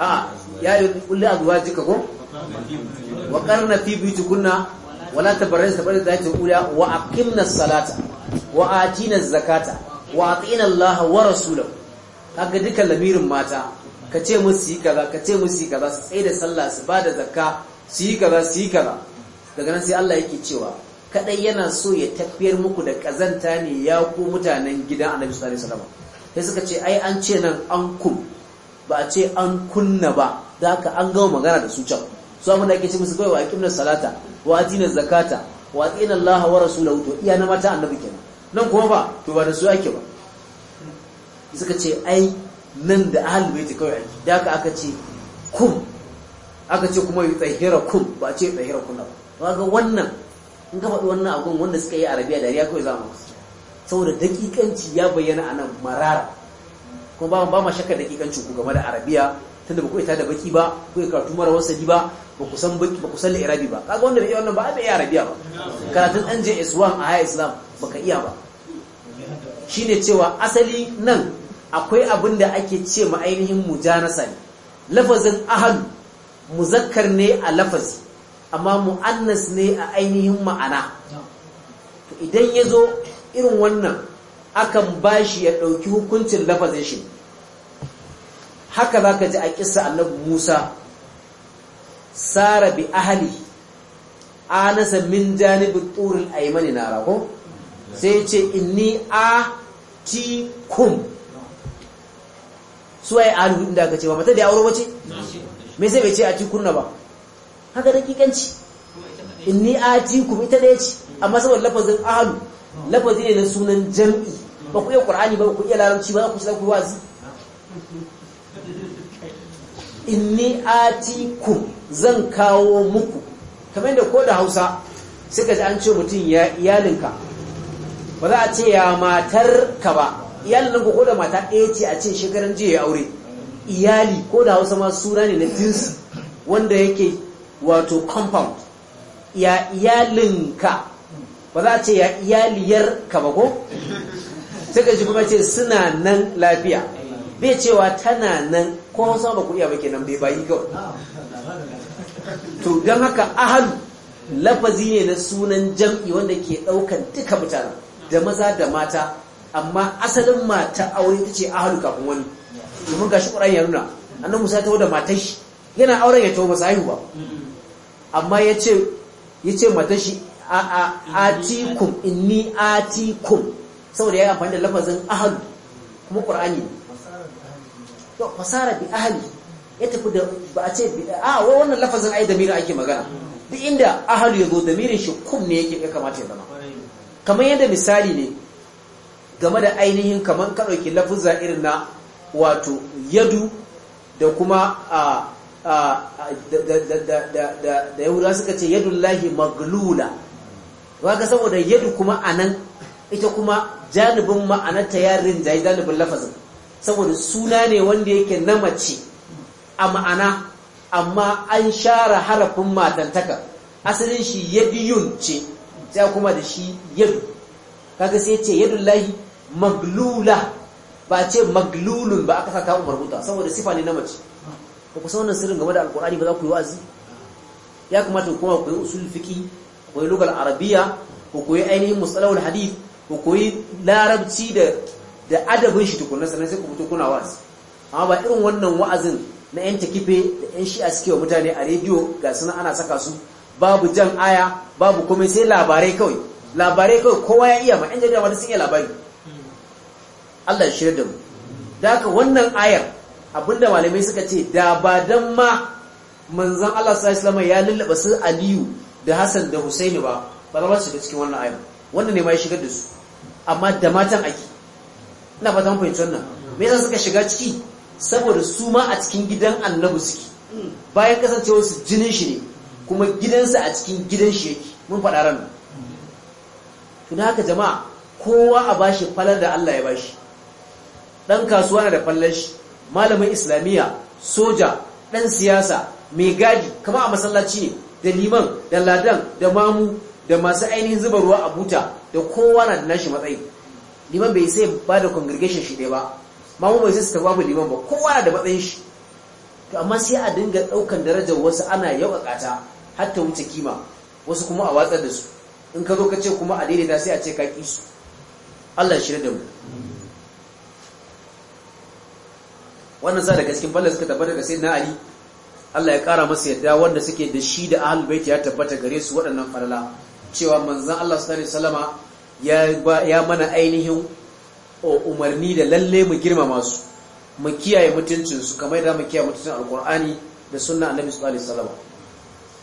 S1: a ah, ya yi kulli azwajika ko wa qarna fi buyutikunna wala tabarrajna da ta kula wa aqimna salata wa atina zakata wa atina Allah wa rasulahu kaga duka lamirin mata ka ce musu yi kaza ka ce musu yi kaza su tsaye da sallah su ba da zakka su yi kaza su yi kaza daga nan sai Allah yake cewa kadai yana so ya tafiyar muku da kazanta ne ya ku mutanen gidan Annabi sallallahu alaihi wasallam sai suka ce ai an ce nan an kun ba a ce an kunna ba da haka an gama magana da su can su amma da yake ce musu kai wa aqimna salata wa atina zakata wa atina Allah wa rasulahu to iya na mata annabi kenan nan kuma ba to ba da su yake ba suka ce ai nan da ahal ta kawai aiki da aka aka ce kum aka ce kuma yi tsahira kum ba ce tsahira kuna ba ga wannan in ka faɗi wannan abin wanda suka yi arabiya da riya kawai za mu saboda dakikanci ya bayyana a nan marara kuma ba ma shakkar dakikanci ku game da arabiya tunda ba ku ita da baki ba ku yi karatu mara wasali ba ba ku san baki ba ku san irabi ba kaga wanda bai wannan ba bai iya arabiya ba karatun ɗan je iswan a haya islam baka iya ba shine cewa asali nan akwai abin da ake ce ma ainihin mujanasa ne lafazin ahalu muzakkar ne a lafazi amma mu'annas ne a ainihin ma'ana idan ya zo irin wannan akan bashi ya ɗauki hukuncin lafazin shi haka za ka ji a ƙisa annabi musa sara bi ahali nasa min janibin turin aimani na rako sai ce inni a ti kum su waye alu inda aka ce ba mata da auro wace me sai bai ce a tikunna ba haka in ni inni atikum ita da ce amma saboda lafazin alu lafazi ne na sunan jam'i ba ku iya qur'ani ba ku iya larabci ba ku sai ku wazi ati ku zan kawo muku kamar yadda ko da Hausa suka ji an ce mutum ya iyalinka ba za a ce ya matar ka ba iyalin nan ko da mata ɗaya ce a ce shekaran jiya ya aure iyali ko da hausa ma suna ne na jinsi wanda yake wato compound ya iyalinka ba za a ce ya iyaliyar ka ba ko sai ka ji kuma ce suna nan lafiya bai cewa tana nan ko hausa ba ku iya ba kenan bai bayi kawai to don haka ahalu lafazi ne na sunan jam'i wanda ke ɗaukan duka mutane da maza da mata amma asalin mata aure ita ce ahalu kafin wani domin shi ƙuran ya nuna annan musa taho da matar shi yana auren ya taho masa haihuwa amma ya ce matar shi atikum inni atikum saboda ya yi amfani da lafazin ahalu kuma ƙur'ani to fasara bi ahali ya tafi da ba a ce a wannan lafazin ai damira ake magana duk inda ahalu ya zo damirin shi kum ne yake ya kamata ya zama kamar yadda misali ne game da ainihin kamar ka ɗauki lafuzza irin na wato yadu da kuma a da yahuda suka ce yadullahi maglula waka saboda yadu kuma a nan ita kuma janibin ma'anarta yarin jayi janibin lafazin saboda suna ne wanda yake na mace a ma'ana amma an share harafin matantaka asalin shi yadiyun ce ta kuma da shi yadu kaga sai yace yadullahi maglula ba ce maglulun ba aka saka umar huta saboda sifa ne na mace ba ku sirrin game da alqur'ani ba za ku yi wa'azi ya kamata ku kuma ku yi usul fiqi ku yi lugal arabiya ku koyi ainihin musalahul hadith ku koyi larabci da da adabin shi tukunna sannan sai ku fito kuna wazi amma ba irin wannan wa'azin na yan takife da yan shi'a suke wa mutane a rediyo ga suna ana saka su babu jan aya babu komai sai labarai kawai labarai kawai kowa ya iya ma yan jarida wani sun iya labari Allah ya shirya da mu da haka wannan ayar abinda malamai suka ce da ba dan ma manzan Allah ya lullaba su Aliyu da Hassan da Husaini ba ba za su shiga cikin wannan ayar wannan ne ma ya shigar da su amma da matan ake ina fata mun fahimci wannan me yasa suka shiga ciki saboda su ma a cikin gidan Annabi suke bayan kasancewar su jinin shi ne kuma gidansa a cikin gidan shi yake mun faɗa ran to haka jama'a kowa a bashi falar da Allah ya bashi dan kasuwa na da fallar shi malamin islamiyya soja ɗan siyasa mai gadi kama a masallaci ne da liman da ladan da mamu da masu ainihin zuba ruwa a buta da kowa na da nashi matsayi liman bai sai ba da congregation shi ne ba mamu bai sai su babu liman ba kowa na da matsayin shi to amma sai a dinga daukan darajar wasu ana yaukata kata ta wuce kima wasu kuma a watsar da su in ka zo ka ce kuma a daidaita sai a ce ka kisu Allah shirya da mu wannan sa da gaskin ballar suka tabbata ga sai na Ali Allah ya kara masa yadda wanda suke da shi da ahlul bait ya tabbata gare su waɗannan farla cewa manzon Allah sallallahu alaihi wasallama ya mana ainihin umarni da lalle mu girmama su mu kiyaye mutuncin su kamar da mu kiyaye mutuncin alqur'ani da sunna annabi sallallahu alaihi wasallama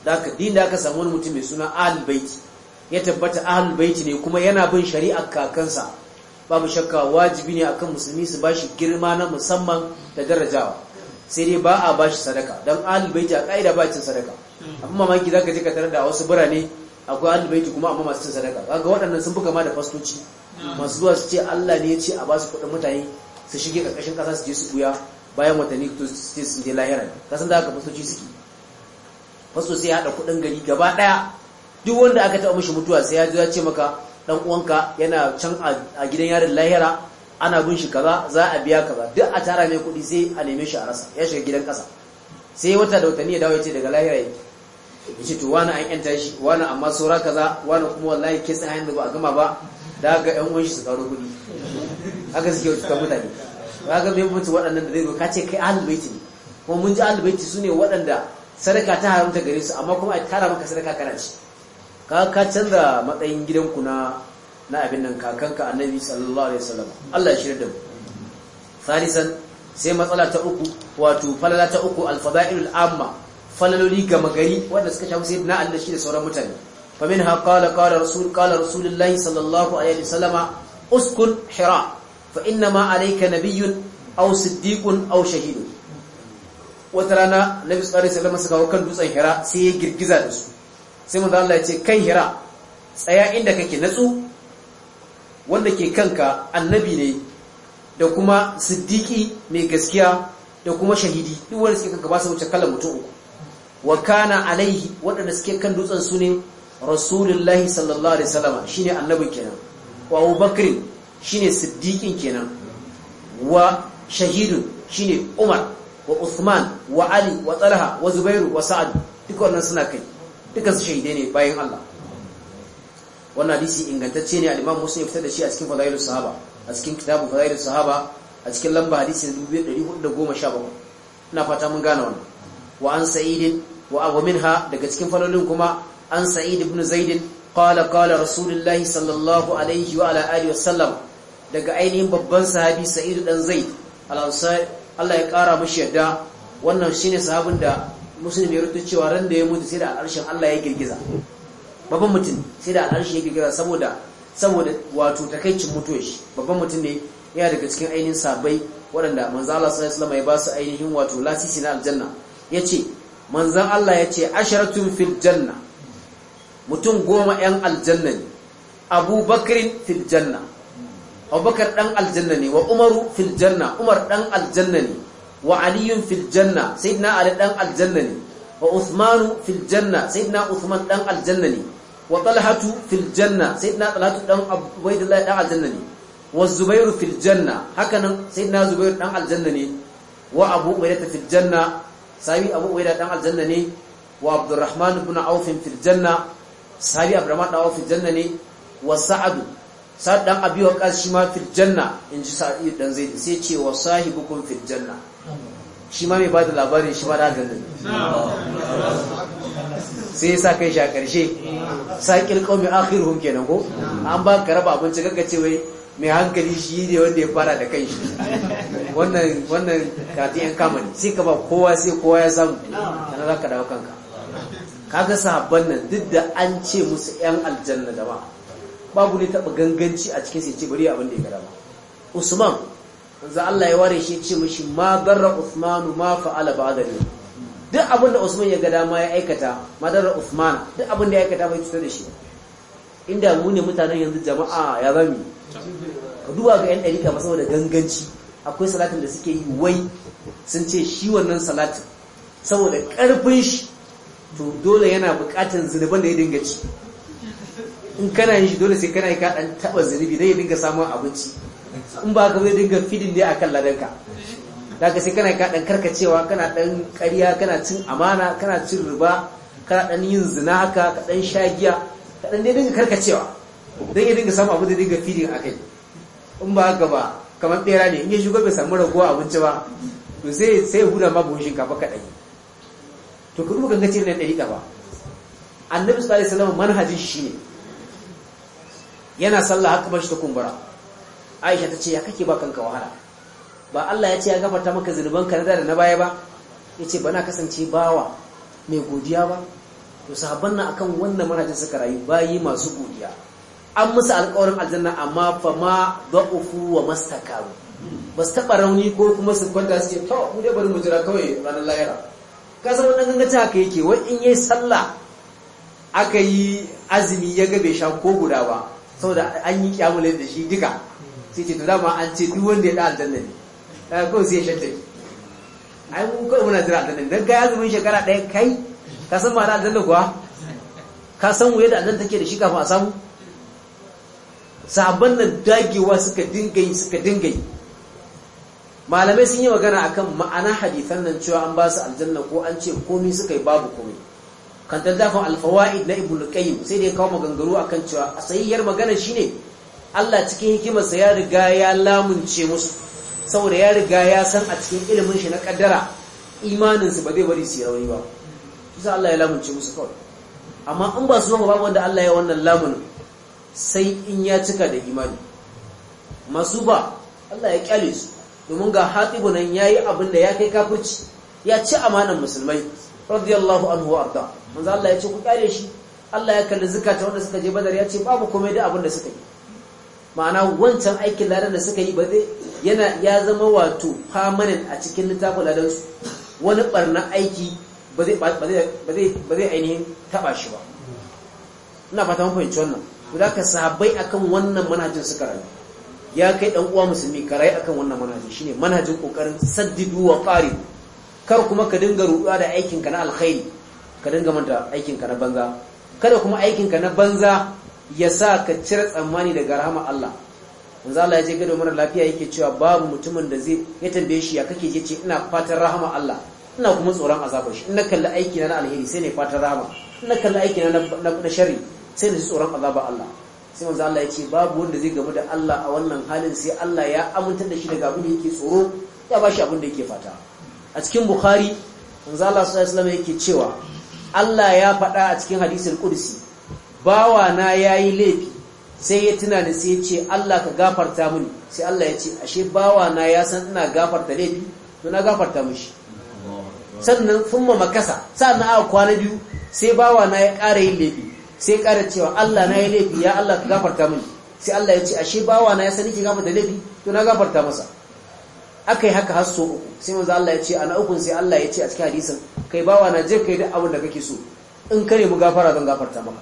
S1: da aka din da aka samu wani mutum mai suna ahlul bait ya tabbata ahlul baiti ne kuma yana bin shari'ar kakansa babu shakka wajibi ne akan musulmi su bashi girma na musamman da darajawa sai dai ba a bashi sadaka don ahlul baiti a kaida ba cin sadaka abin mamaki ka je ka tarar da wasu birane akwai baiti kuma amma masu cin sadaka ga waɗannan sun fi kama da fastoci masu zuwa su ce Allah ne ya ce a basu kuɗin mutane su shige ƙarƙashin ƙasa su je su buya bayan watanni to su je lahira kasan da haka fastoci suke fasto sai ya haɗa kuɗin gari gaba ɗaya duk wanda aka taɓa mishi mutuwa sai ya ji ya ce maka dan uwanka yana can a gidan yarin lahira ana bin shi kaza za a biya kaza duk a tara mai kuɗi sai a neme shi a rasa ya shiga gidan ƙasa sai wata da watanni ya dawo ya ce daga lahira yake ya ce to wani an yanta shi wani amma saura kaza wani kuma wallahi ke tsaye hanyar da ba a gama ba da haka ƴan uwan shi su karo kuɗi haka suke wuce mutane ba ga mai mutu waɗannan da zai zo ka ce kai baiti ne kuma mun ji baiti su ne waɗanda sadaka ta haramta gare su amma kuma a tara maka sadaka kana ci ka ka canza matsayin gidanku na na abin nan kakanka annabi sallallahu alaihi wasallam Allah ya shirya da mu Salisan sai matsala ta uku wato falala ta uku al-fada'ilul amma falaloli ga magari wanda suka shafi sayyidina Allah shi da sauran mutane fa minha qala qala rasul qala rasulullahi sallallahu alaihi wasallama uskun hira fa inna ma alayka nabiyyun aw siddiqun aw shahidun wata rana nabi sallallahu alaihi wasallam suka hawo kan dutsen hira sai ya girgiza da su sai manzo Allah ya ce kai hira tsaya inda kake natsu wanda ke kanka annabi ne da kuma siddiqi mai gaskiya da kuma shahidi duk wanda suke kanka ba su wuce kallon mutum uku wa kana alaihi waɗanda suke kan dutsen su ne rasulullahi sallallahu alaihi wasallam shine annabin kenan wa abubakar shine siddiqin kenan wa shahidun shine umar wa usman wa ali wa talha wa zubairu wa sa'ad duk wannan suna kai dukkan su shahidai ne bayan Allah wannan hadisi ingantacce ne al-Imam Muslim fitar da shi a cikin Fadailus Sahaba a cikin kitabun Fadailus Sahaba a cikin lamba hadisi 2417 ina fata mun gane wannan wa an Sa'id wa abu minha daga cikin falolin kuma an Sa'id ibn Zaid qala qala Rasulullahi sallallahu alaihi wa ala alihi wasallam daga ainihin babban sahabi Sa'id dan Zaid Allah ya kara mashi yadda wannan shine sahabin da musulmi ya rubuta cewa ran da ya mutu sai da al'arshen Allah ya girgiza babban mutum sai da al'arshen ya girgiza saboda saboda wato takaicin mutuwar shi babban mutum ne yana daga cikin ainihin sabai waɗanda manzo Allah sallallahu alaihi wasallam ya ba su ainihin wato lasisi na aljanna yace manzan Allah yace asharatun fil janna mutum goma yan aljanna ne abubakar filjanna fil janna dan aljanna ne wa Umaru fil janna Umar dan aljanna ne wa aliyun fil janna sayyidina ali dan aljanna ne wa Usmanu fil janna sayyidina usman dan aljanna ne wa talhatu fil janna sayyidina talhatu dan ubaidillah dan aljanna ne wa zubairu fil janna hakanan sayyidina zubairu dan aljanna ne wa abu ubaida fil janna sabi abu ubaida dan aljanna ne wa abdurrahman ibn auf fil janna sabi abdurrahman dan auf fil janna ne wa sa'ad sa'ad dan abi waqas shi ma fil janna ji sa'id dan zaid sai ce wa sahibukum fil janna shi ma mai ba da labarin shi ma na ganin sai ya sa kai shi a ƙarshe mai akhir hunke kenan ko an ba ka raba abinci kaga ce wai mai hankali shi ne wanda ya fara da kai shi wannan wannan yan kama sai ka ba kowa sai kowa ya samu kana za ka dawo kanka kaga sahabban nan duk da an ce musu yan aljanna da ba babu ne taɓa ganganci a cikin sai ce bari abin da ya gara ba usman manzo Allah ya ware shi ce mashi ma darra Usmanu ma fa'ala ba'da yau duk abinda Usman ya ga dama ya aikata ma darra Usman duk abinda ya aikata bai cutar da shi inda mu ne mutanen yanzu jama'a ya zami ka duba ga yan ɗarika ba saboda ganganci akwai salatin da suke yi wai sun ce shi wannan salatin saboda karfin shi to dole yana buƙatar zunuban da ya dinga ci in kana yin shi dole sai kana yi ka dan taba zunubi dan ya dinga samun abinci in ba ka zai dinga fidin ne akan ladanka ka sai kana ka dan karkacewa kana dan ƙarya kana cin amana kana cin riba kana dan yin zina haka ka dan shagiya ka dan dai dinga karkacewa dan ya dinga samu abu da dinga fidin kai in ba ka ba kamar bera ne in ya shugo bai samu ragowa abinci ba to sai sai huda ma buhun shinkafa kaɗai. to ka duba gangace ne dari ba annabi sallallahu alaihi wasallam manhajin shi ne yana sallah haka bashi ta kumbura aisha ta ce ya kake ba kanka wahala ba Allah ya ce ya gafarta maka zunubanka na da na baya ba ya ce bana kasance bawa mai godiya ba to sahabban nan akan wannan manajin suka rayu bayi masu godiya an musu alƙawarin aljanna amma fa ma da'ufu wa mastakaru ba su taɓa rauni ko kuma su kwanta su ce to mu dai bari mu jira kawai ranar lahira ka san wannan gangaci haka yake wai in yayi sallah aka yi azumi ya ga bai sha ko guda ba saboda an yi kiyamul da shi duka sai ce to ma an ce duk wanda ya da aljanna ne kawai sai ya shaddadi ai mun kawai muna jira aljanna don ga azumin shekara ɗaya kai ka san ma na aljanna kuwa ka san wuya da aljanna take da shi kafin a samu sabon nan dagewa suka dinga yi suka dinga yi malamai sun yi magana akan ma'ana hadithan nan cewa an ba su aljanna ko an ce komi suka yi babu komai kan tattafin alfawaid na ibnu qayyim sai dai kawo maganganu akan cewa a asayyar magana shine Allah cikin hikimarsa ya riga ya lamunce musu saboda ya riga ya san a cikin ilimin shi na kaddara imaninsu ba zai bari su rauni ba kusa Allah ya lamunce musu kawai amma in ba su zama babu wanda Allah ya wannan lamunin sai in ya cika da imani masu ba Allah ya kyale su domin ga hatibu nan yayi abin da ya kai kafirci ya ci amanan musulmai radiyallahu anhu arda manzo Allah ya ce ku kyale shi Allah ya kalli zakata wanda suka je badar ya ce babu komai da abin da suka yi ma'ana wancan aikin ladan da suka yi ba zai yana ya zama wato famanin a cikin littafin ladan su wani barna aiki ba zai ba zai ainihin taba shi ba ina fata mafi yanci wannan guda ka sahabbai akan wannan manajin suka rayu ya kai dan uwa musulmi ka rayu akan wannan manhajin shine manhajin kokarin saddidu wa qarib kar kuma ka dinga ruɗuwa da aikinka na alkhairi ka dinga manta aikinka na banza kada kuma aikinka na banza ya sa ka cire tsammani daga rahama Allah manzo Allah ya je gado mara lafiya yake cewa babu mutumin da zai ya tambaye shi ya kake je ce ina fatan rahama Allah ina kuma tsoron azabar shi ina kalli aiki na alheri sai ne fatan rahama ina kalli aiki na na sharri sai ne tsoron azabar Allah sai manzo Allah ya ce babu wanda zai gamu da Allah a wannan halin sai Allah ya amintar da shi daga abin da yake tsoro ya ba shi abin da yake fata a cikin Bukhari manzo Allah sallallahu alaihi wasallam yake cewa Allah ya faɗa a cikin hadisin qudsi bawa na yayi laifi sai ya tuna da sai ya ce Allah ka gafarta mini sai Allah ya ce ashe bawa na ya san ina gafarta laifi to na gafarta mishi sannan thumma makasa sannan a kwana biyu sai bawa na ya ƙara yin laifi sai ƙara cewa Allah na yi laifi ya Allah ka gafarta mini sai Allah ya ce ashe bawa na ya san nake gafarta laifi to na gafarta masa aka yi haka har so uku sai manzo Allah ya ce ana ukun sai Allah ya ce a cikin hadisin kai bawa na je kai duk abin da kake so in kare mu gafara don gafarta maka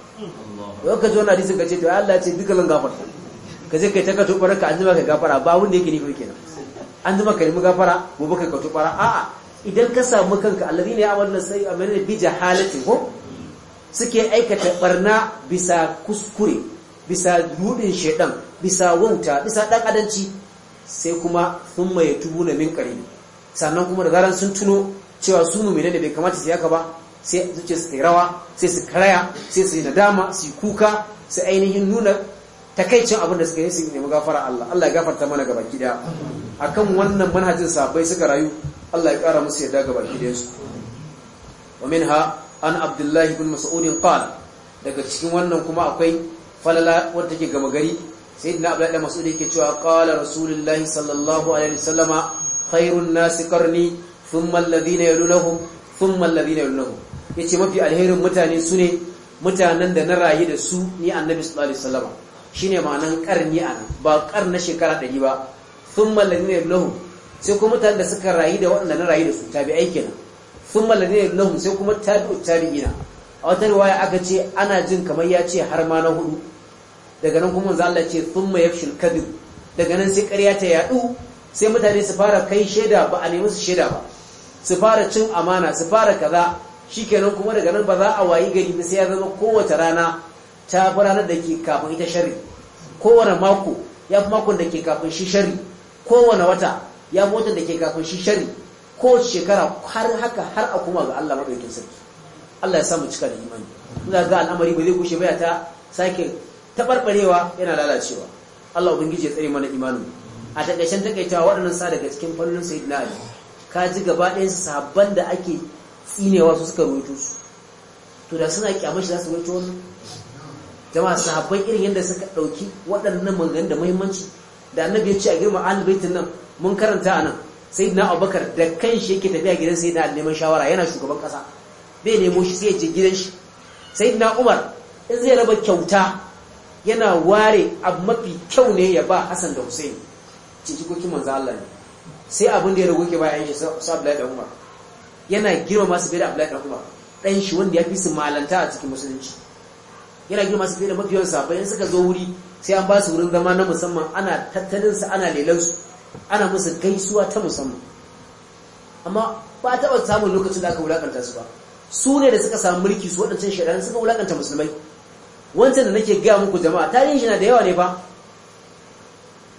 S1: yau ka zo na hadisin ka ce to Allah ce duka zan gafarta ka je kai ta ka tubara ka anjima ka gafara ba wanda yake nufi kenan anjima ka nemi gafara gobe kai ka tubara a'a idan ka samu kanka ne alladhina ya'maluna sai amana bi jahalati ko suke aikata barna bisa kuskure bisa rudin shedan bisa wauta bisa dan adanci sai kuma thumma yatubuna min qarib sannan kuma da zaran sun tuno cewa su mu'mina da bai kamata su yaka ba sai zuciya su yi rawa sai su karaya sai su yi nadama su yi kuka su ainihin nuna takaicin abin da suka yi su nemi gafara Allah Allah ya gafarta mana gaba gida akan wannan manhajin sabai suka rayu Allah ya kara musu yadda gaba gidansu. su wa an Abdullahi bin Mas'ud qala daga cikin wannan kuma akwai falala wanda take gama gari na Abdullahi ibn Mas'ud yake cewa ƙala rasulullahi sallallahu alaihi wasallama khairun nasi qarni thumma alladhina yalunahum thumma na yalunahum ya ce mafi alherin mutane su ne mutanen da na rayu da su ni annabi sallallahu alaihi wasallam shine ma'anan karni anan ba kar na shekara ɗari ba sun mallani ne yablahum sai kuma mutanen da suka rayu da waɗanda na rayu da su tabi'ai sun mallani ne yablahum sai kuma tabi'u tabi'ina a wata riwaya aka ce ana jin kamar ya ce har ma na hudu daga nan kuma manzo Allah ce thumma yafshil kadhib daga nan sai ƙarya ta yadu sai mutane su fara kai shaida ba a nemi su shaida ba su fara cin amana su fara kaza shikenan kuma daga nan ba za a wayi gari ba sai ya zama kowace rana ta faranar ranar da ke kafin ita shari kowane mako ya fi makon da ke kafin shi shari kowane wata ya fi watan da ke kafin shi shari kowace shekara har haka har a kuma ga Allah maɗaukin sarki Allah ya samu cika da imani za ga al'amari ba zai kushe ba ya ta sake taɓarɓarewa yana lalacewa Allah ubangiji ya tsare mana imanin a takaicen takaitawa waɗannan sa daga cikin fannin sayyidina Ali ka ji gaba ɗayan sahabban da ake tsinewa su suka ruwaito su to da suna kyamar shi za su ruwaito wani jama'a sahabban irin yadda suka ɗauki waɗannan maganganun da muhimmanci da annabi ya ce a girma alibaitin nan mun karanta a nan sai na abubakar da kan shi yake tafiya gidan sai na neman shawara yana shugaban kasa bai nemo shi sai ya je gidan shi sai na umar in zai raba kyauta yana ware abu mafi kyau ne ya ba hassan da hussein cikin kokin manzo allah ne sai abin da ya rago ke bayan shi sa abdullahi da umar yana girmama su fiye da abu laifin Umar shi wanda ya fi su malanta a cikin musulunci yana girma su fiye da mafiyan sahabbai in suka zo wuri sai an ba su wurin zama na musamman ana tattalin su ana lelan su ana musu gaisuwa ta musamman amma ba taɓa samun lokacin da aka wulakanta su ba su ne da suka samu mulki su waɗancan shaidan suka wulakanta musulmai wancan da nake gaya muku jama'a tarihin shi na da yawa ne ba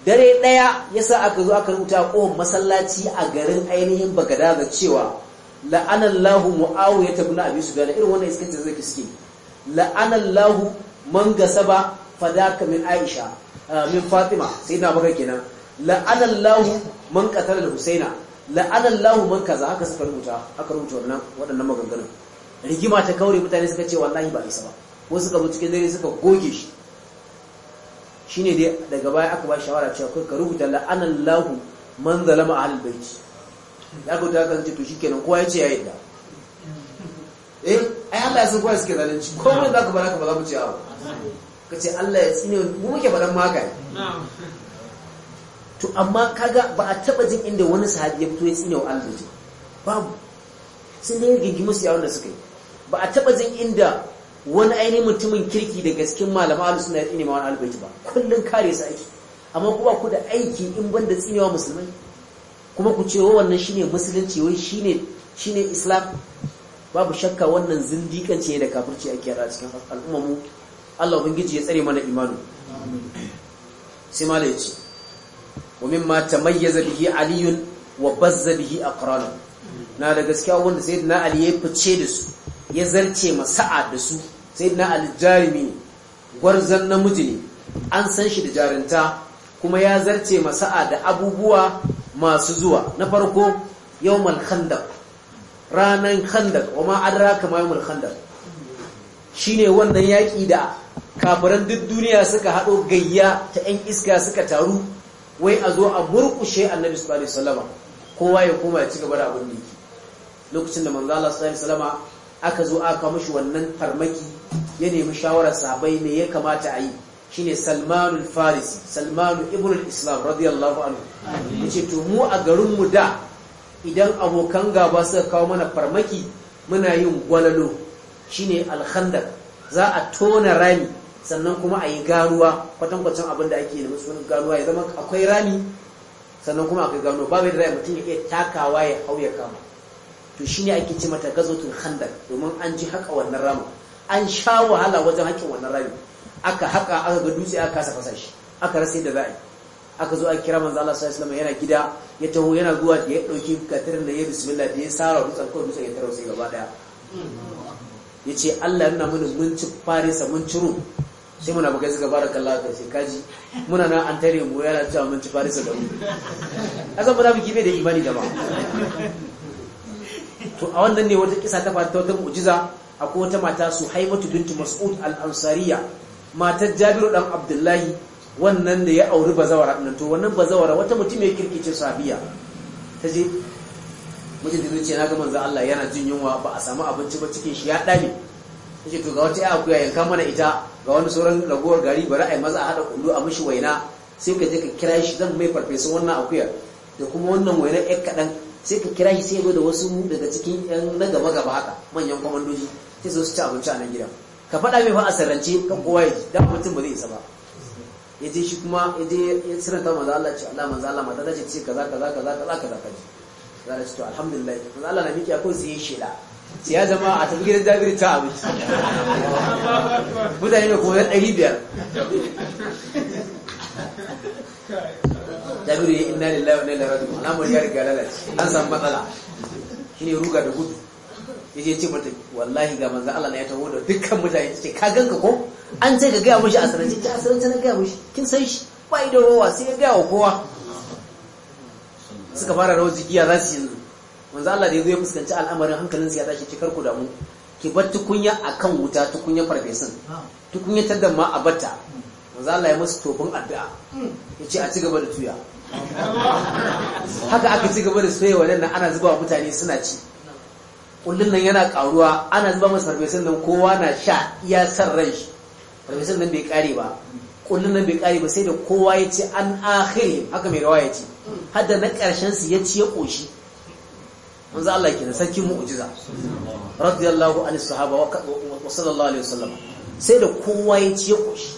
S1: dare ɗaya ya sa aka zo aka rubuta a ƙohon masallaci a garin ainihin bagada da cewa la'anallahu mu'awiyah ibn abi sufyan irin wannan iskanci zai la'ana Allahu man gasaba fadaka min aisha ah, min fatima sai sayyidina baka kenan lahu man da husaina Allahu man kaza haka suka rubuta haka rubuta wannan waɗannan maganganun rigima ta kaure mutane suka ce wallahi ba isa ba ko suka bi cikin dare suka goge shi shine dai daga baya aka ba shawara cewa kai ka rubuta Allahu man zalama ahlul bait ya ku ta kasance to shikenan kowa ya ce ya yadda eh ai Allah ya san kowa suke zalunci ko mun zaka baraka ba za ku ce awo kace Allah ya tsine mu muke faɗan maka to amma kaga ba a taba jin inda wani sahabi ya fito ya tsine wa Allah ji babu sun ne gingimu su yawon da suka yi ba a taba jin inda wani ainihin mutumin kirki da gaskin malama ahlus sunna ya tsine ma wani albaiti ba kullun kare su aiki amma kuma ku da aiki in banda tsinewa musulmai kuma ku ce wannan shine musulunci wai shine shine islam babu shakka wannan zindikanci ne da kafirci a kiyar cikin cikin mu? Allah ubangiji ya tsare mana imanu sai mala ya ce wa mimma tamayyaza bihi aliyun wa bazza bihi aqranu na da gaskiya wanda sayyidina ali ya fice da su ya zarce masa'a da su sayyidina ali jarimi gwarzan namiji ne an san shi da jarinta kuma ya zarce masa'a da abubuwa masu zuwa na farko yau khandaq ranan khandaq wa ma raka ma yawmal shi shine wannan yaƙi da kafiran duk duniya suka haɗo gayya ta yan iska suka taru wai a zo a murkushe annabi sallallahu alaihi wasallam kowa ya koma ya ci gaba da abin da yake lokacin da manzala sallallahu aka zo aka mashi wannan farmaki ya nemi shawarar sabai ne ya kamata a yi shine salmanul faris farisi Salman ibn al-Islam radiyallahu anhu yace to mu a garin mu da idan abokan gaba suka kawo mana farmaki muna yin gwalalo shine al-Khandaq za a tona rami sannan kuma a yi garuwa kwatankwacin abin da ake nemi sunan garuwa ya zama akwai rami sannan kuma akwai gano babu yadda zai mutum ya iya takawa ya hau ya kama to shine ake ce mata gazotul khandaq domin an ji haka wannan ramin an sha wahala wajen haƙin wannan ramin. aka haka aka ga dutse aka kasa fasa shi aka rasa yadda za a yi aka zo a kira manzo Allah sallallahu alaihi wasallam yana gida ya taho yana zuwa da ya dauki katirin da ya bismillah da ya sara dutsen ko dutsen ya tarausa gaba daya yace Allah yana mana mun ci farisa mun ciro sai muna bugai suka bara kallon ka sai kaji muna na an tare mu yana cewa mun ci farisa da mu azan ba za mu kibe da imani da ba to a wannan ne wata kisa ta fata wata mu'jiza akwai wata mata su haimatu bintu mas'ud al-ansariya matar jabiru dan abdullahi wannan da ya auri bazawara ɗin to wannan bazawara wata mutum ya kirkice sabiya ta je mijinta zai ce na ga manzan Allah yana jin yunwa ba a samu abinci ba cikin shi ya dame ce to ga wata akuya yanka mana ita ga wani sauran ragowar gari bari yi maza a haɗa kullu a mishi waina sai ka je ka kira shi zan mai farfesa wannan akuyar da kuma wannan waina ɗan kaɗan sai ka kira shi sai ya zo da wasu daga cikin yan na gaba gaba haka manyan kwamandoji sai su ci abinci a nan gidan ka faɗa mai fa a sarrance kan kowa ya ji dan mutum ba zai isa ba ya je shi kuma ya je ya sirranta Maza Allah ce Allah manzo Allah maza ta ce ce kaza kaza kaza kaza kaza kaza za ta ci to alhamdulillah Maza Allah na miki akwai sai shela sai ya zama a tafi gidan Jabir ta abinci mutane ne kuma ɗari biyar Jabir ya inna lillahi wa inna ilaihi raji'un al'amari ya riga lalace an samu matsala shine ruga da gudu yaje ce mata wallahi ga manzan Allah ya taho da dukkan mutane ce ka ganka ko an ce ka gaya mushi asirance ta asirance na gaya mushi kin san shi bai da rowa sai ya ga wa kowa suka fara rawar jigiya za su yanzu manzan Allah da zo ya fuskanci al'amarin hankalin su ya tashi ci karku da mu ki bar tukunya akan wuta tukunya farfesin tukunya ta damma a bata manzan Allah ya musu tofin addu'a ce a ci gaba da tuya haka aka ci gaba da soyewa nan ana zuba mutane suna ci kullum nan yana karuwa ana zuba masa sarfesin nan kowa na sha iya san ran shi nan bai kare ba kullum nan bai kare ba sai da kowa ya ce an akhiri haka mai rawa ya ce har da na karshen su ya ci ya koshi za Allah kenan sarkin mu'jiza radiyallahu anhu sahaba wa sallallahu alaihi wasallam sai da kowa ya ci ya koshi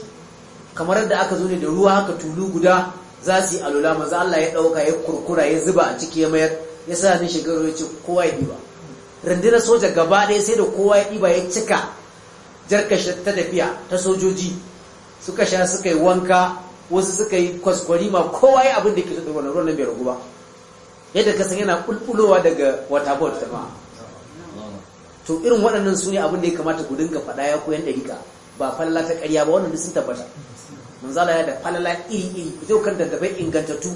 S1: kamar da aka zo ne da ruwa haka tulu guda za su yi alula maza Allah ya dauka ya kurkura ya zuba a ciki ya mayar ya sa ni shigar ya ce kowa ya diba rundunar soja gaba ɗaya sai da kowa ya ɗiba ya cika jarkashi ta tafiya ta sojoji suka sha suka yi wanka wasu suka yi ma kowa ya abin da ke tattaba na ruwan nan bai ragu ba yadda ka san yana ƙulƙulowa daga wata bot ma to irin waɗannan su ne abin da ya kamata ku dinga faɗa ya koyan ɗarika ba falala ta ƙarya ba wannan sun tabbata manzala ya da falala iri iri ku je kan dandabai ingantattu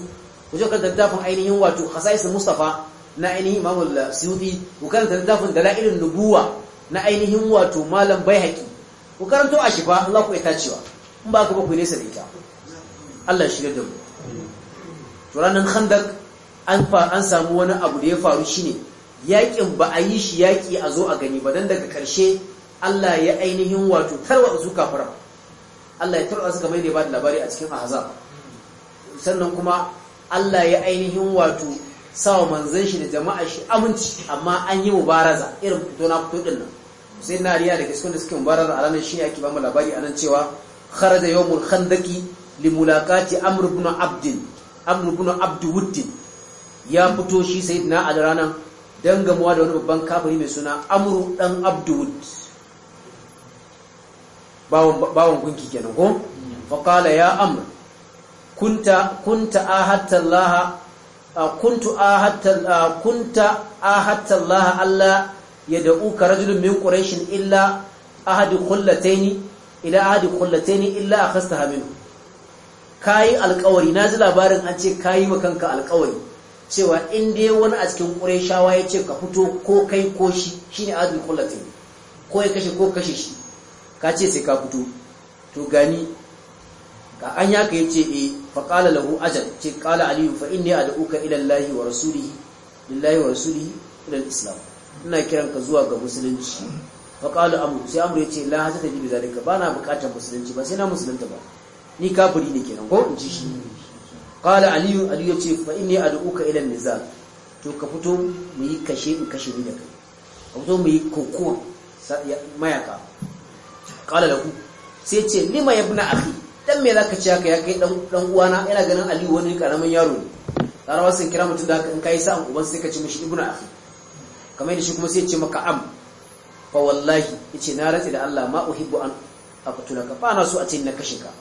S1: ku je kan dandafin ainihin wato hasaisu mustapha na ainihin Imam al-Suyuti ku karanta littafin Dalailun Nubuwa na ainihin wato Malam Baihaqi ku karanto a shifa za ku ita cewa in ba ka ba ku nesa da ita Allah shi da mu to ranan Khandaq an an samu wani abu da ya faru shine yakin ba a yi shi yaki a zo a gani ba dan daga karshe Allah ya ainihin wato tarwa su kafara Allah ya tarwa su kamar da ya ba da labari a cikin ahzab sannan kuma Allah ya ainihin wato sawa manzan shi da jama'a shi aminci amma an yi mubaraza irin fito na din nan sai na riya da gaskon da suke mubaraza a ranar shi ake ba mu labari a nan cewa kharaja yawmul khandaki li mulaqati amr ibn amr ya fito shi sayyidina a ranar dan gamuwa da wani babban kafiri mai suna amru dan abd bawon bawon gunki kenan ko fa qala ya amr kunta kunta ahatta allaha kuntu ahatta kunta ahatta Allah Allah yad'uka rajulun min quraish illa ahad kullataini ila ahad kullataini illa akhastaha minhu kayi alƙawari ji labarin an ce kayi makanka alƙawari cewa in dai wani a cikin quraishawa ya ce ka fito ko kai ko shi shine ahad kullataini ko ya kashe ko kashe shi ka ce sai ka fito to gani ka an yaka ce eh fa qala lahu ajal ce qala ali fa inni ad'uka ila allahi wa rasulihi lillahi wa rasulihi ila islam ina kiran ka zuwa ga musulunci fa qala amru sai amru yace la hajata bi zalika na bukatar musulunci ba sai na musulunta ba ni kafiri ne kenan ko in ji shi qala ali ali yace fa inni ad'uka ila nizal to ka fito mu yi kashe in kashe ni da kai ka fito mu yi kokowa mayaka qala lahu sai ce lima yabna akhi dan me zaka ce haka ya kai dan uwana yana ganin aliyu wani karamin yaro ne larawa sun kira mutum da haka in kai sa'an uban sai ka ci mishi ibnu akhi kamar yadda shi kuma sai ya ce maka am fa wallahi yace na rantsi da Allah ma uhibbu an aqtulaka fa na so a ce na kashe ka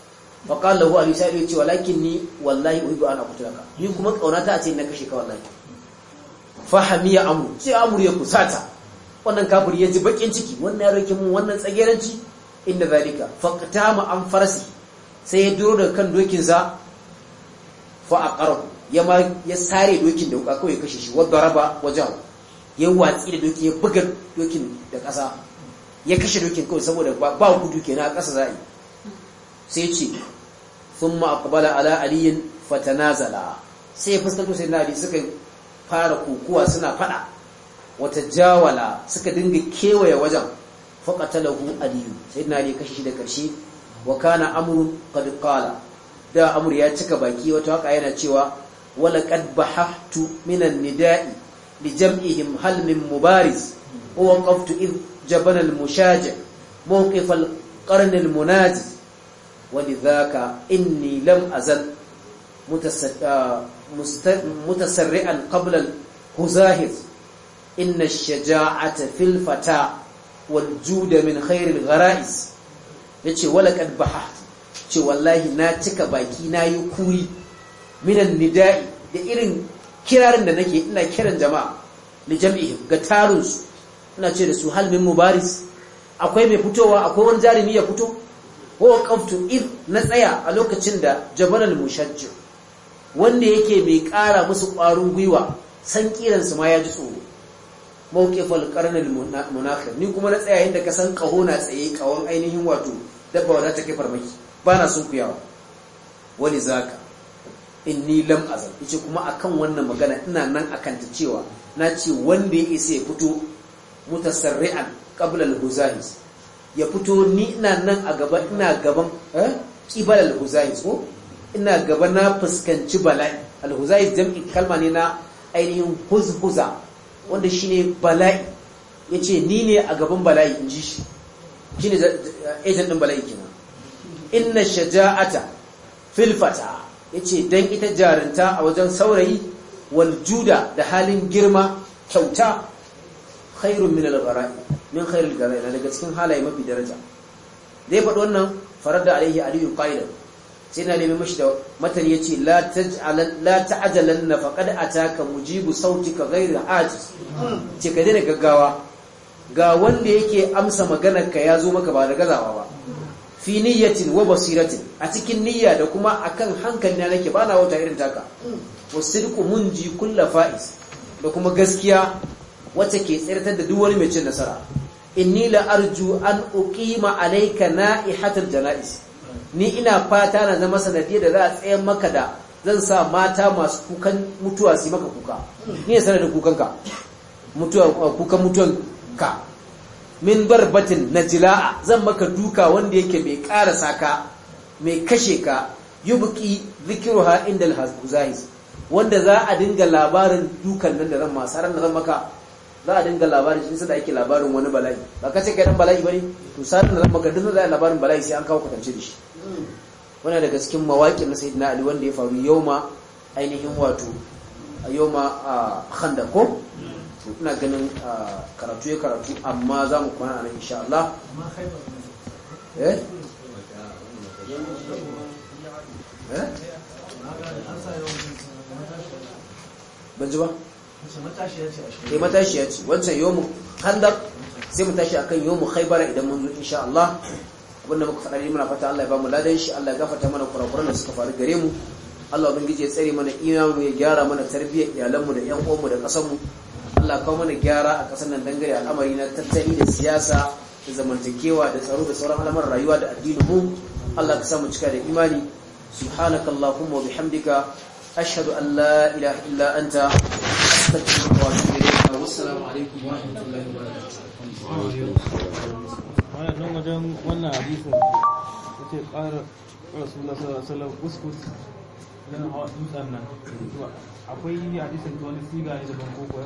S1: fa qala lahu ali sai yace walakin ni wallahi uhibbu an aqtulaka ni kuma kaunata a ce na kashe ka wallahi fa hamiya amru sai amru ya kusata wannan kafiri ya ji bakin ciki wannan yaro yake mun wannan tsageranci inda zalika faqtama an farsi sai ya duro daga kan dokinsa fa a ƙarhu ya ma ya sare dokin da kawai ya kashe shi wadda raba wajen ya watsi da dokin ya buga dokin da ƙasa ya kashe dokin kawai saboda ba gudu ke na ƙasa za'i sai ce sun ma'akubala ala aliyin fatanazala sai ya fuskanto sai na suka fara kokowa suna fada wata jawala suka dinga kewaye wajen fakatalahu aliyu sai na kashe shi da ƙarshe wa kana amru qad qala da amur ya cika baki wata haka yana cewa wala qad bahahtu minan nida'i li jam'ihim hal min mubariz wa waqaftu id jabana al mushaja mawqif al qarn al munaji wa lidhaka inni lam azal ah, mutasarri'an qabla al huzahir inna ash-shaja'ata fil fata wal juda min khair al yace wala kad baha ce wallahi na cika baki na yi kuri minan nida'i da irin kirarin da nake ina kiran jama'a da jam'ihim ga tarun ina ce da su halmin mubaris akwai mai fitowa akwai wani jarumi ya fito ko kaftu if na tsaya a lokacin da jabalal mushajji wanda yake mai kara musu ƙwarin gwiwa san kiran su ma ya ji tsoro mawqifal qarnal munafiq ni kuma na tsaya inda ka san kaho na tsaye kawon ainihin wato dabba wada ta kai farmaki ba na sunkuyawa wani zaka ni lam azal yace kuma akan wannan magana ina nan akan ta cewa na ce wanda ya isa ya fito mutasarri'an qabla al-huzais ya fito ni ina nan a gaba ina gaban eh qibala al-huzais ko ina gaba na fuskanci bala'i al-huzais jam'i kalma ne na ainihin huzhuza wanda shine bala'i yace ni ne a gaban bala'i inji shi shi ne agent ɗin bala'i kenan inna shaja'ata filfata ya ce don ita jarinta a wajen saurayi waljuda da halin girma kyauta khairun min al-gharai min khairul gharai na daga cikin halaye mafi daraja dai faɗo wannan farada alaihi aliyu qaida sai na nemi mashi da matan yace la taj'al la ta'jalanna faqad ataka mujibu sautika ghairu ajiz ce ka gaggawa ga wanda yake amsa ka ya zo maka ba da gazawa ba fi niyyatin wa basiratin a cikin niyya da kuma a kan hankali na nake bana wata irin taka wasirku munji kulla fa'is da kuma gaskiya wacce ke tsirtar da duk mai cin nasara inni la arju an uqima alayka na'ihatul janais ni ina fata na zama sanadiyar da za a tsayar maka da zan sa mata masu kukan mutuwa su maka kuka ni ne sanar da kukanka mutuwa kukan mutuwan ka min barbatin na jila'a zan maka duka wanda yake mai karasa ka mai kashe ka yi zikiru ha inda al-hazuzahis wanda za a dinga labarin dukan nan da zan masu ran da zan maka za a dinga labarin shi sai da ake labarin wani bala'i ba ka ce kai dan bala'i bane to sanin da zan maka dinga za a labarin bala'i sai an kawo kwatance da shi wannan daga cikin mawaƙin na sayyidina ali wanda ya faru yauma ainihin wato yauma khandaq ko to ina ganin ah, karatu ya karatu amma za mu kwana nan insha Allah eh, eh? ba ke
S2: eh, matashi
S1: ya ce wancan yomu handak sai mu tashi akan yomu haibara idan mun zo insha Allah abinda muka faɗa ne muna fata Allah ya mu ladan shi Allah ya gafata mana kurakuran da suka faru gare mu Allah ubangiji ya tsare mana imamu ya gyara mana tarbiyyar iyalanmu da ƴan uwanmu da ƙasarmu Allah kawo mana gyara a ƙasar nan dangane al'amari na tattali da siyasa da zamantakewa da tsaro da sauran al'amuran rayuwa da addinin mu Allah ka samu cika da imani subhanaka allahumma bihamdika ashhadu an la ilaha illa anta astaghfiruka wa atubu ilayk wa assalamu alaikum wa rahmatullahi wa barakatuh wannan wajen wannan hadisin yace qara rasulullahi sallallahu alaihi wasallam uskus dan hawa dutsen nan akwai
S2: hadisin da wani siga ne da banko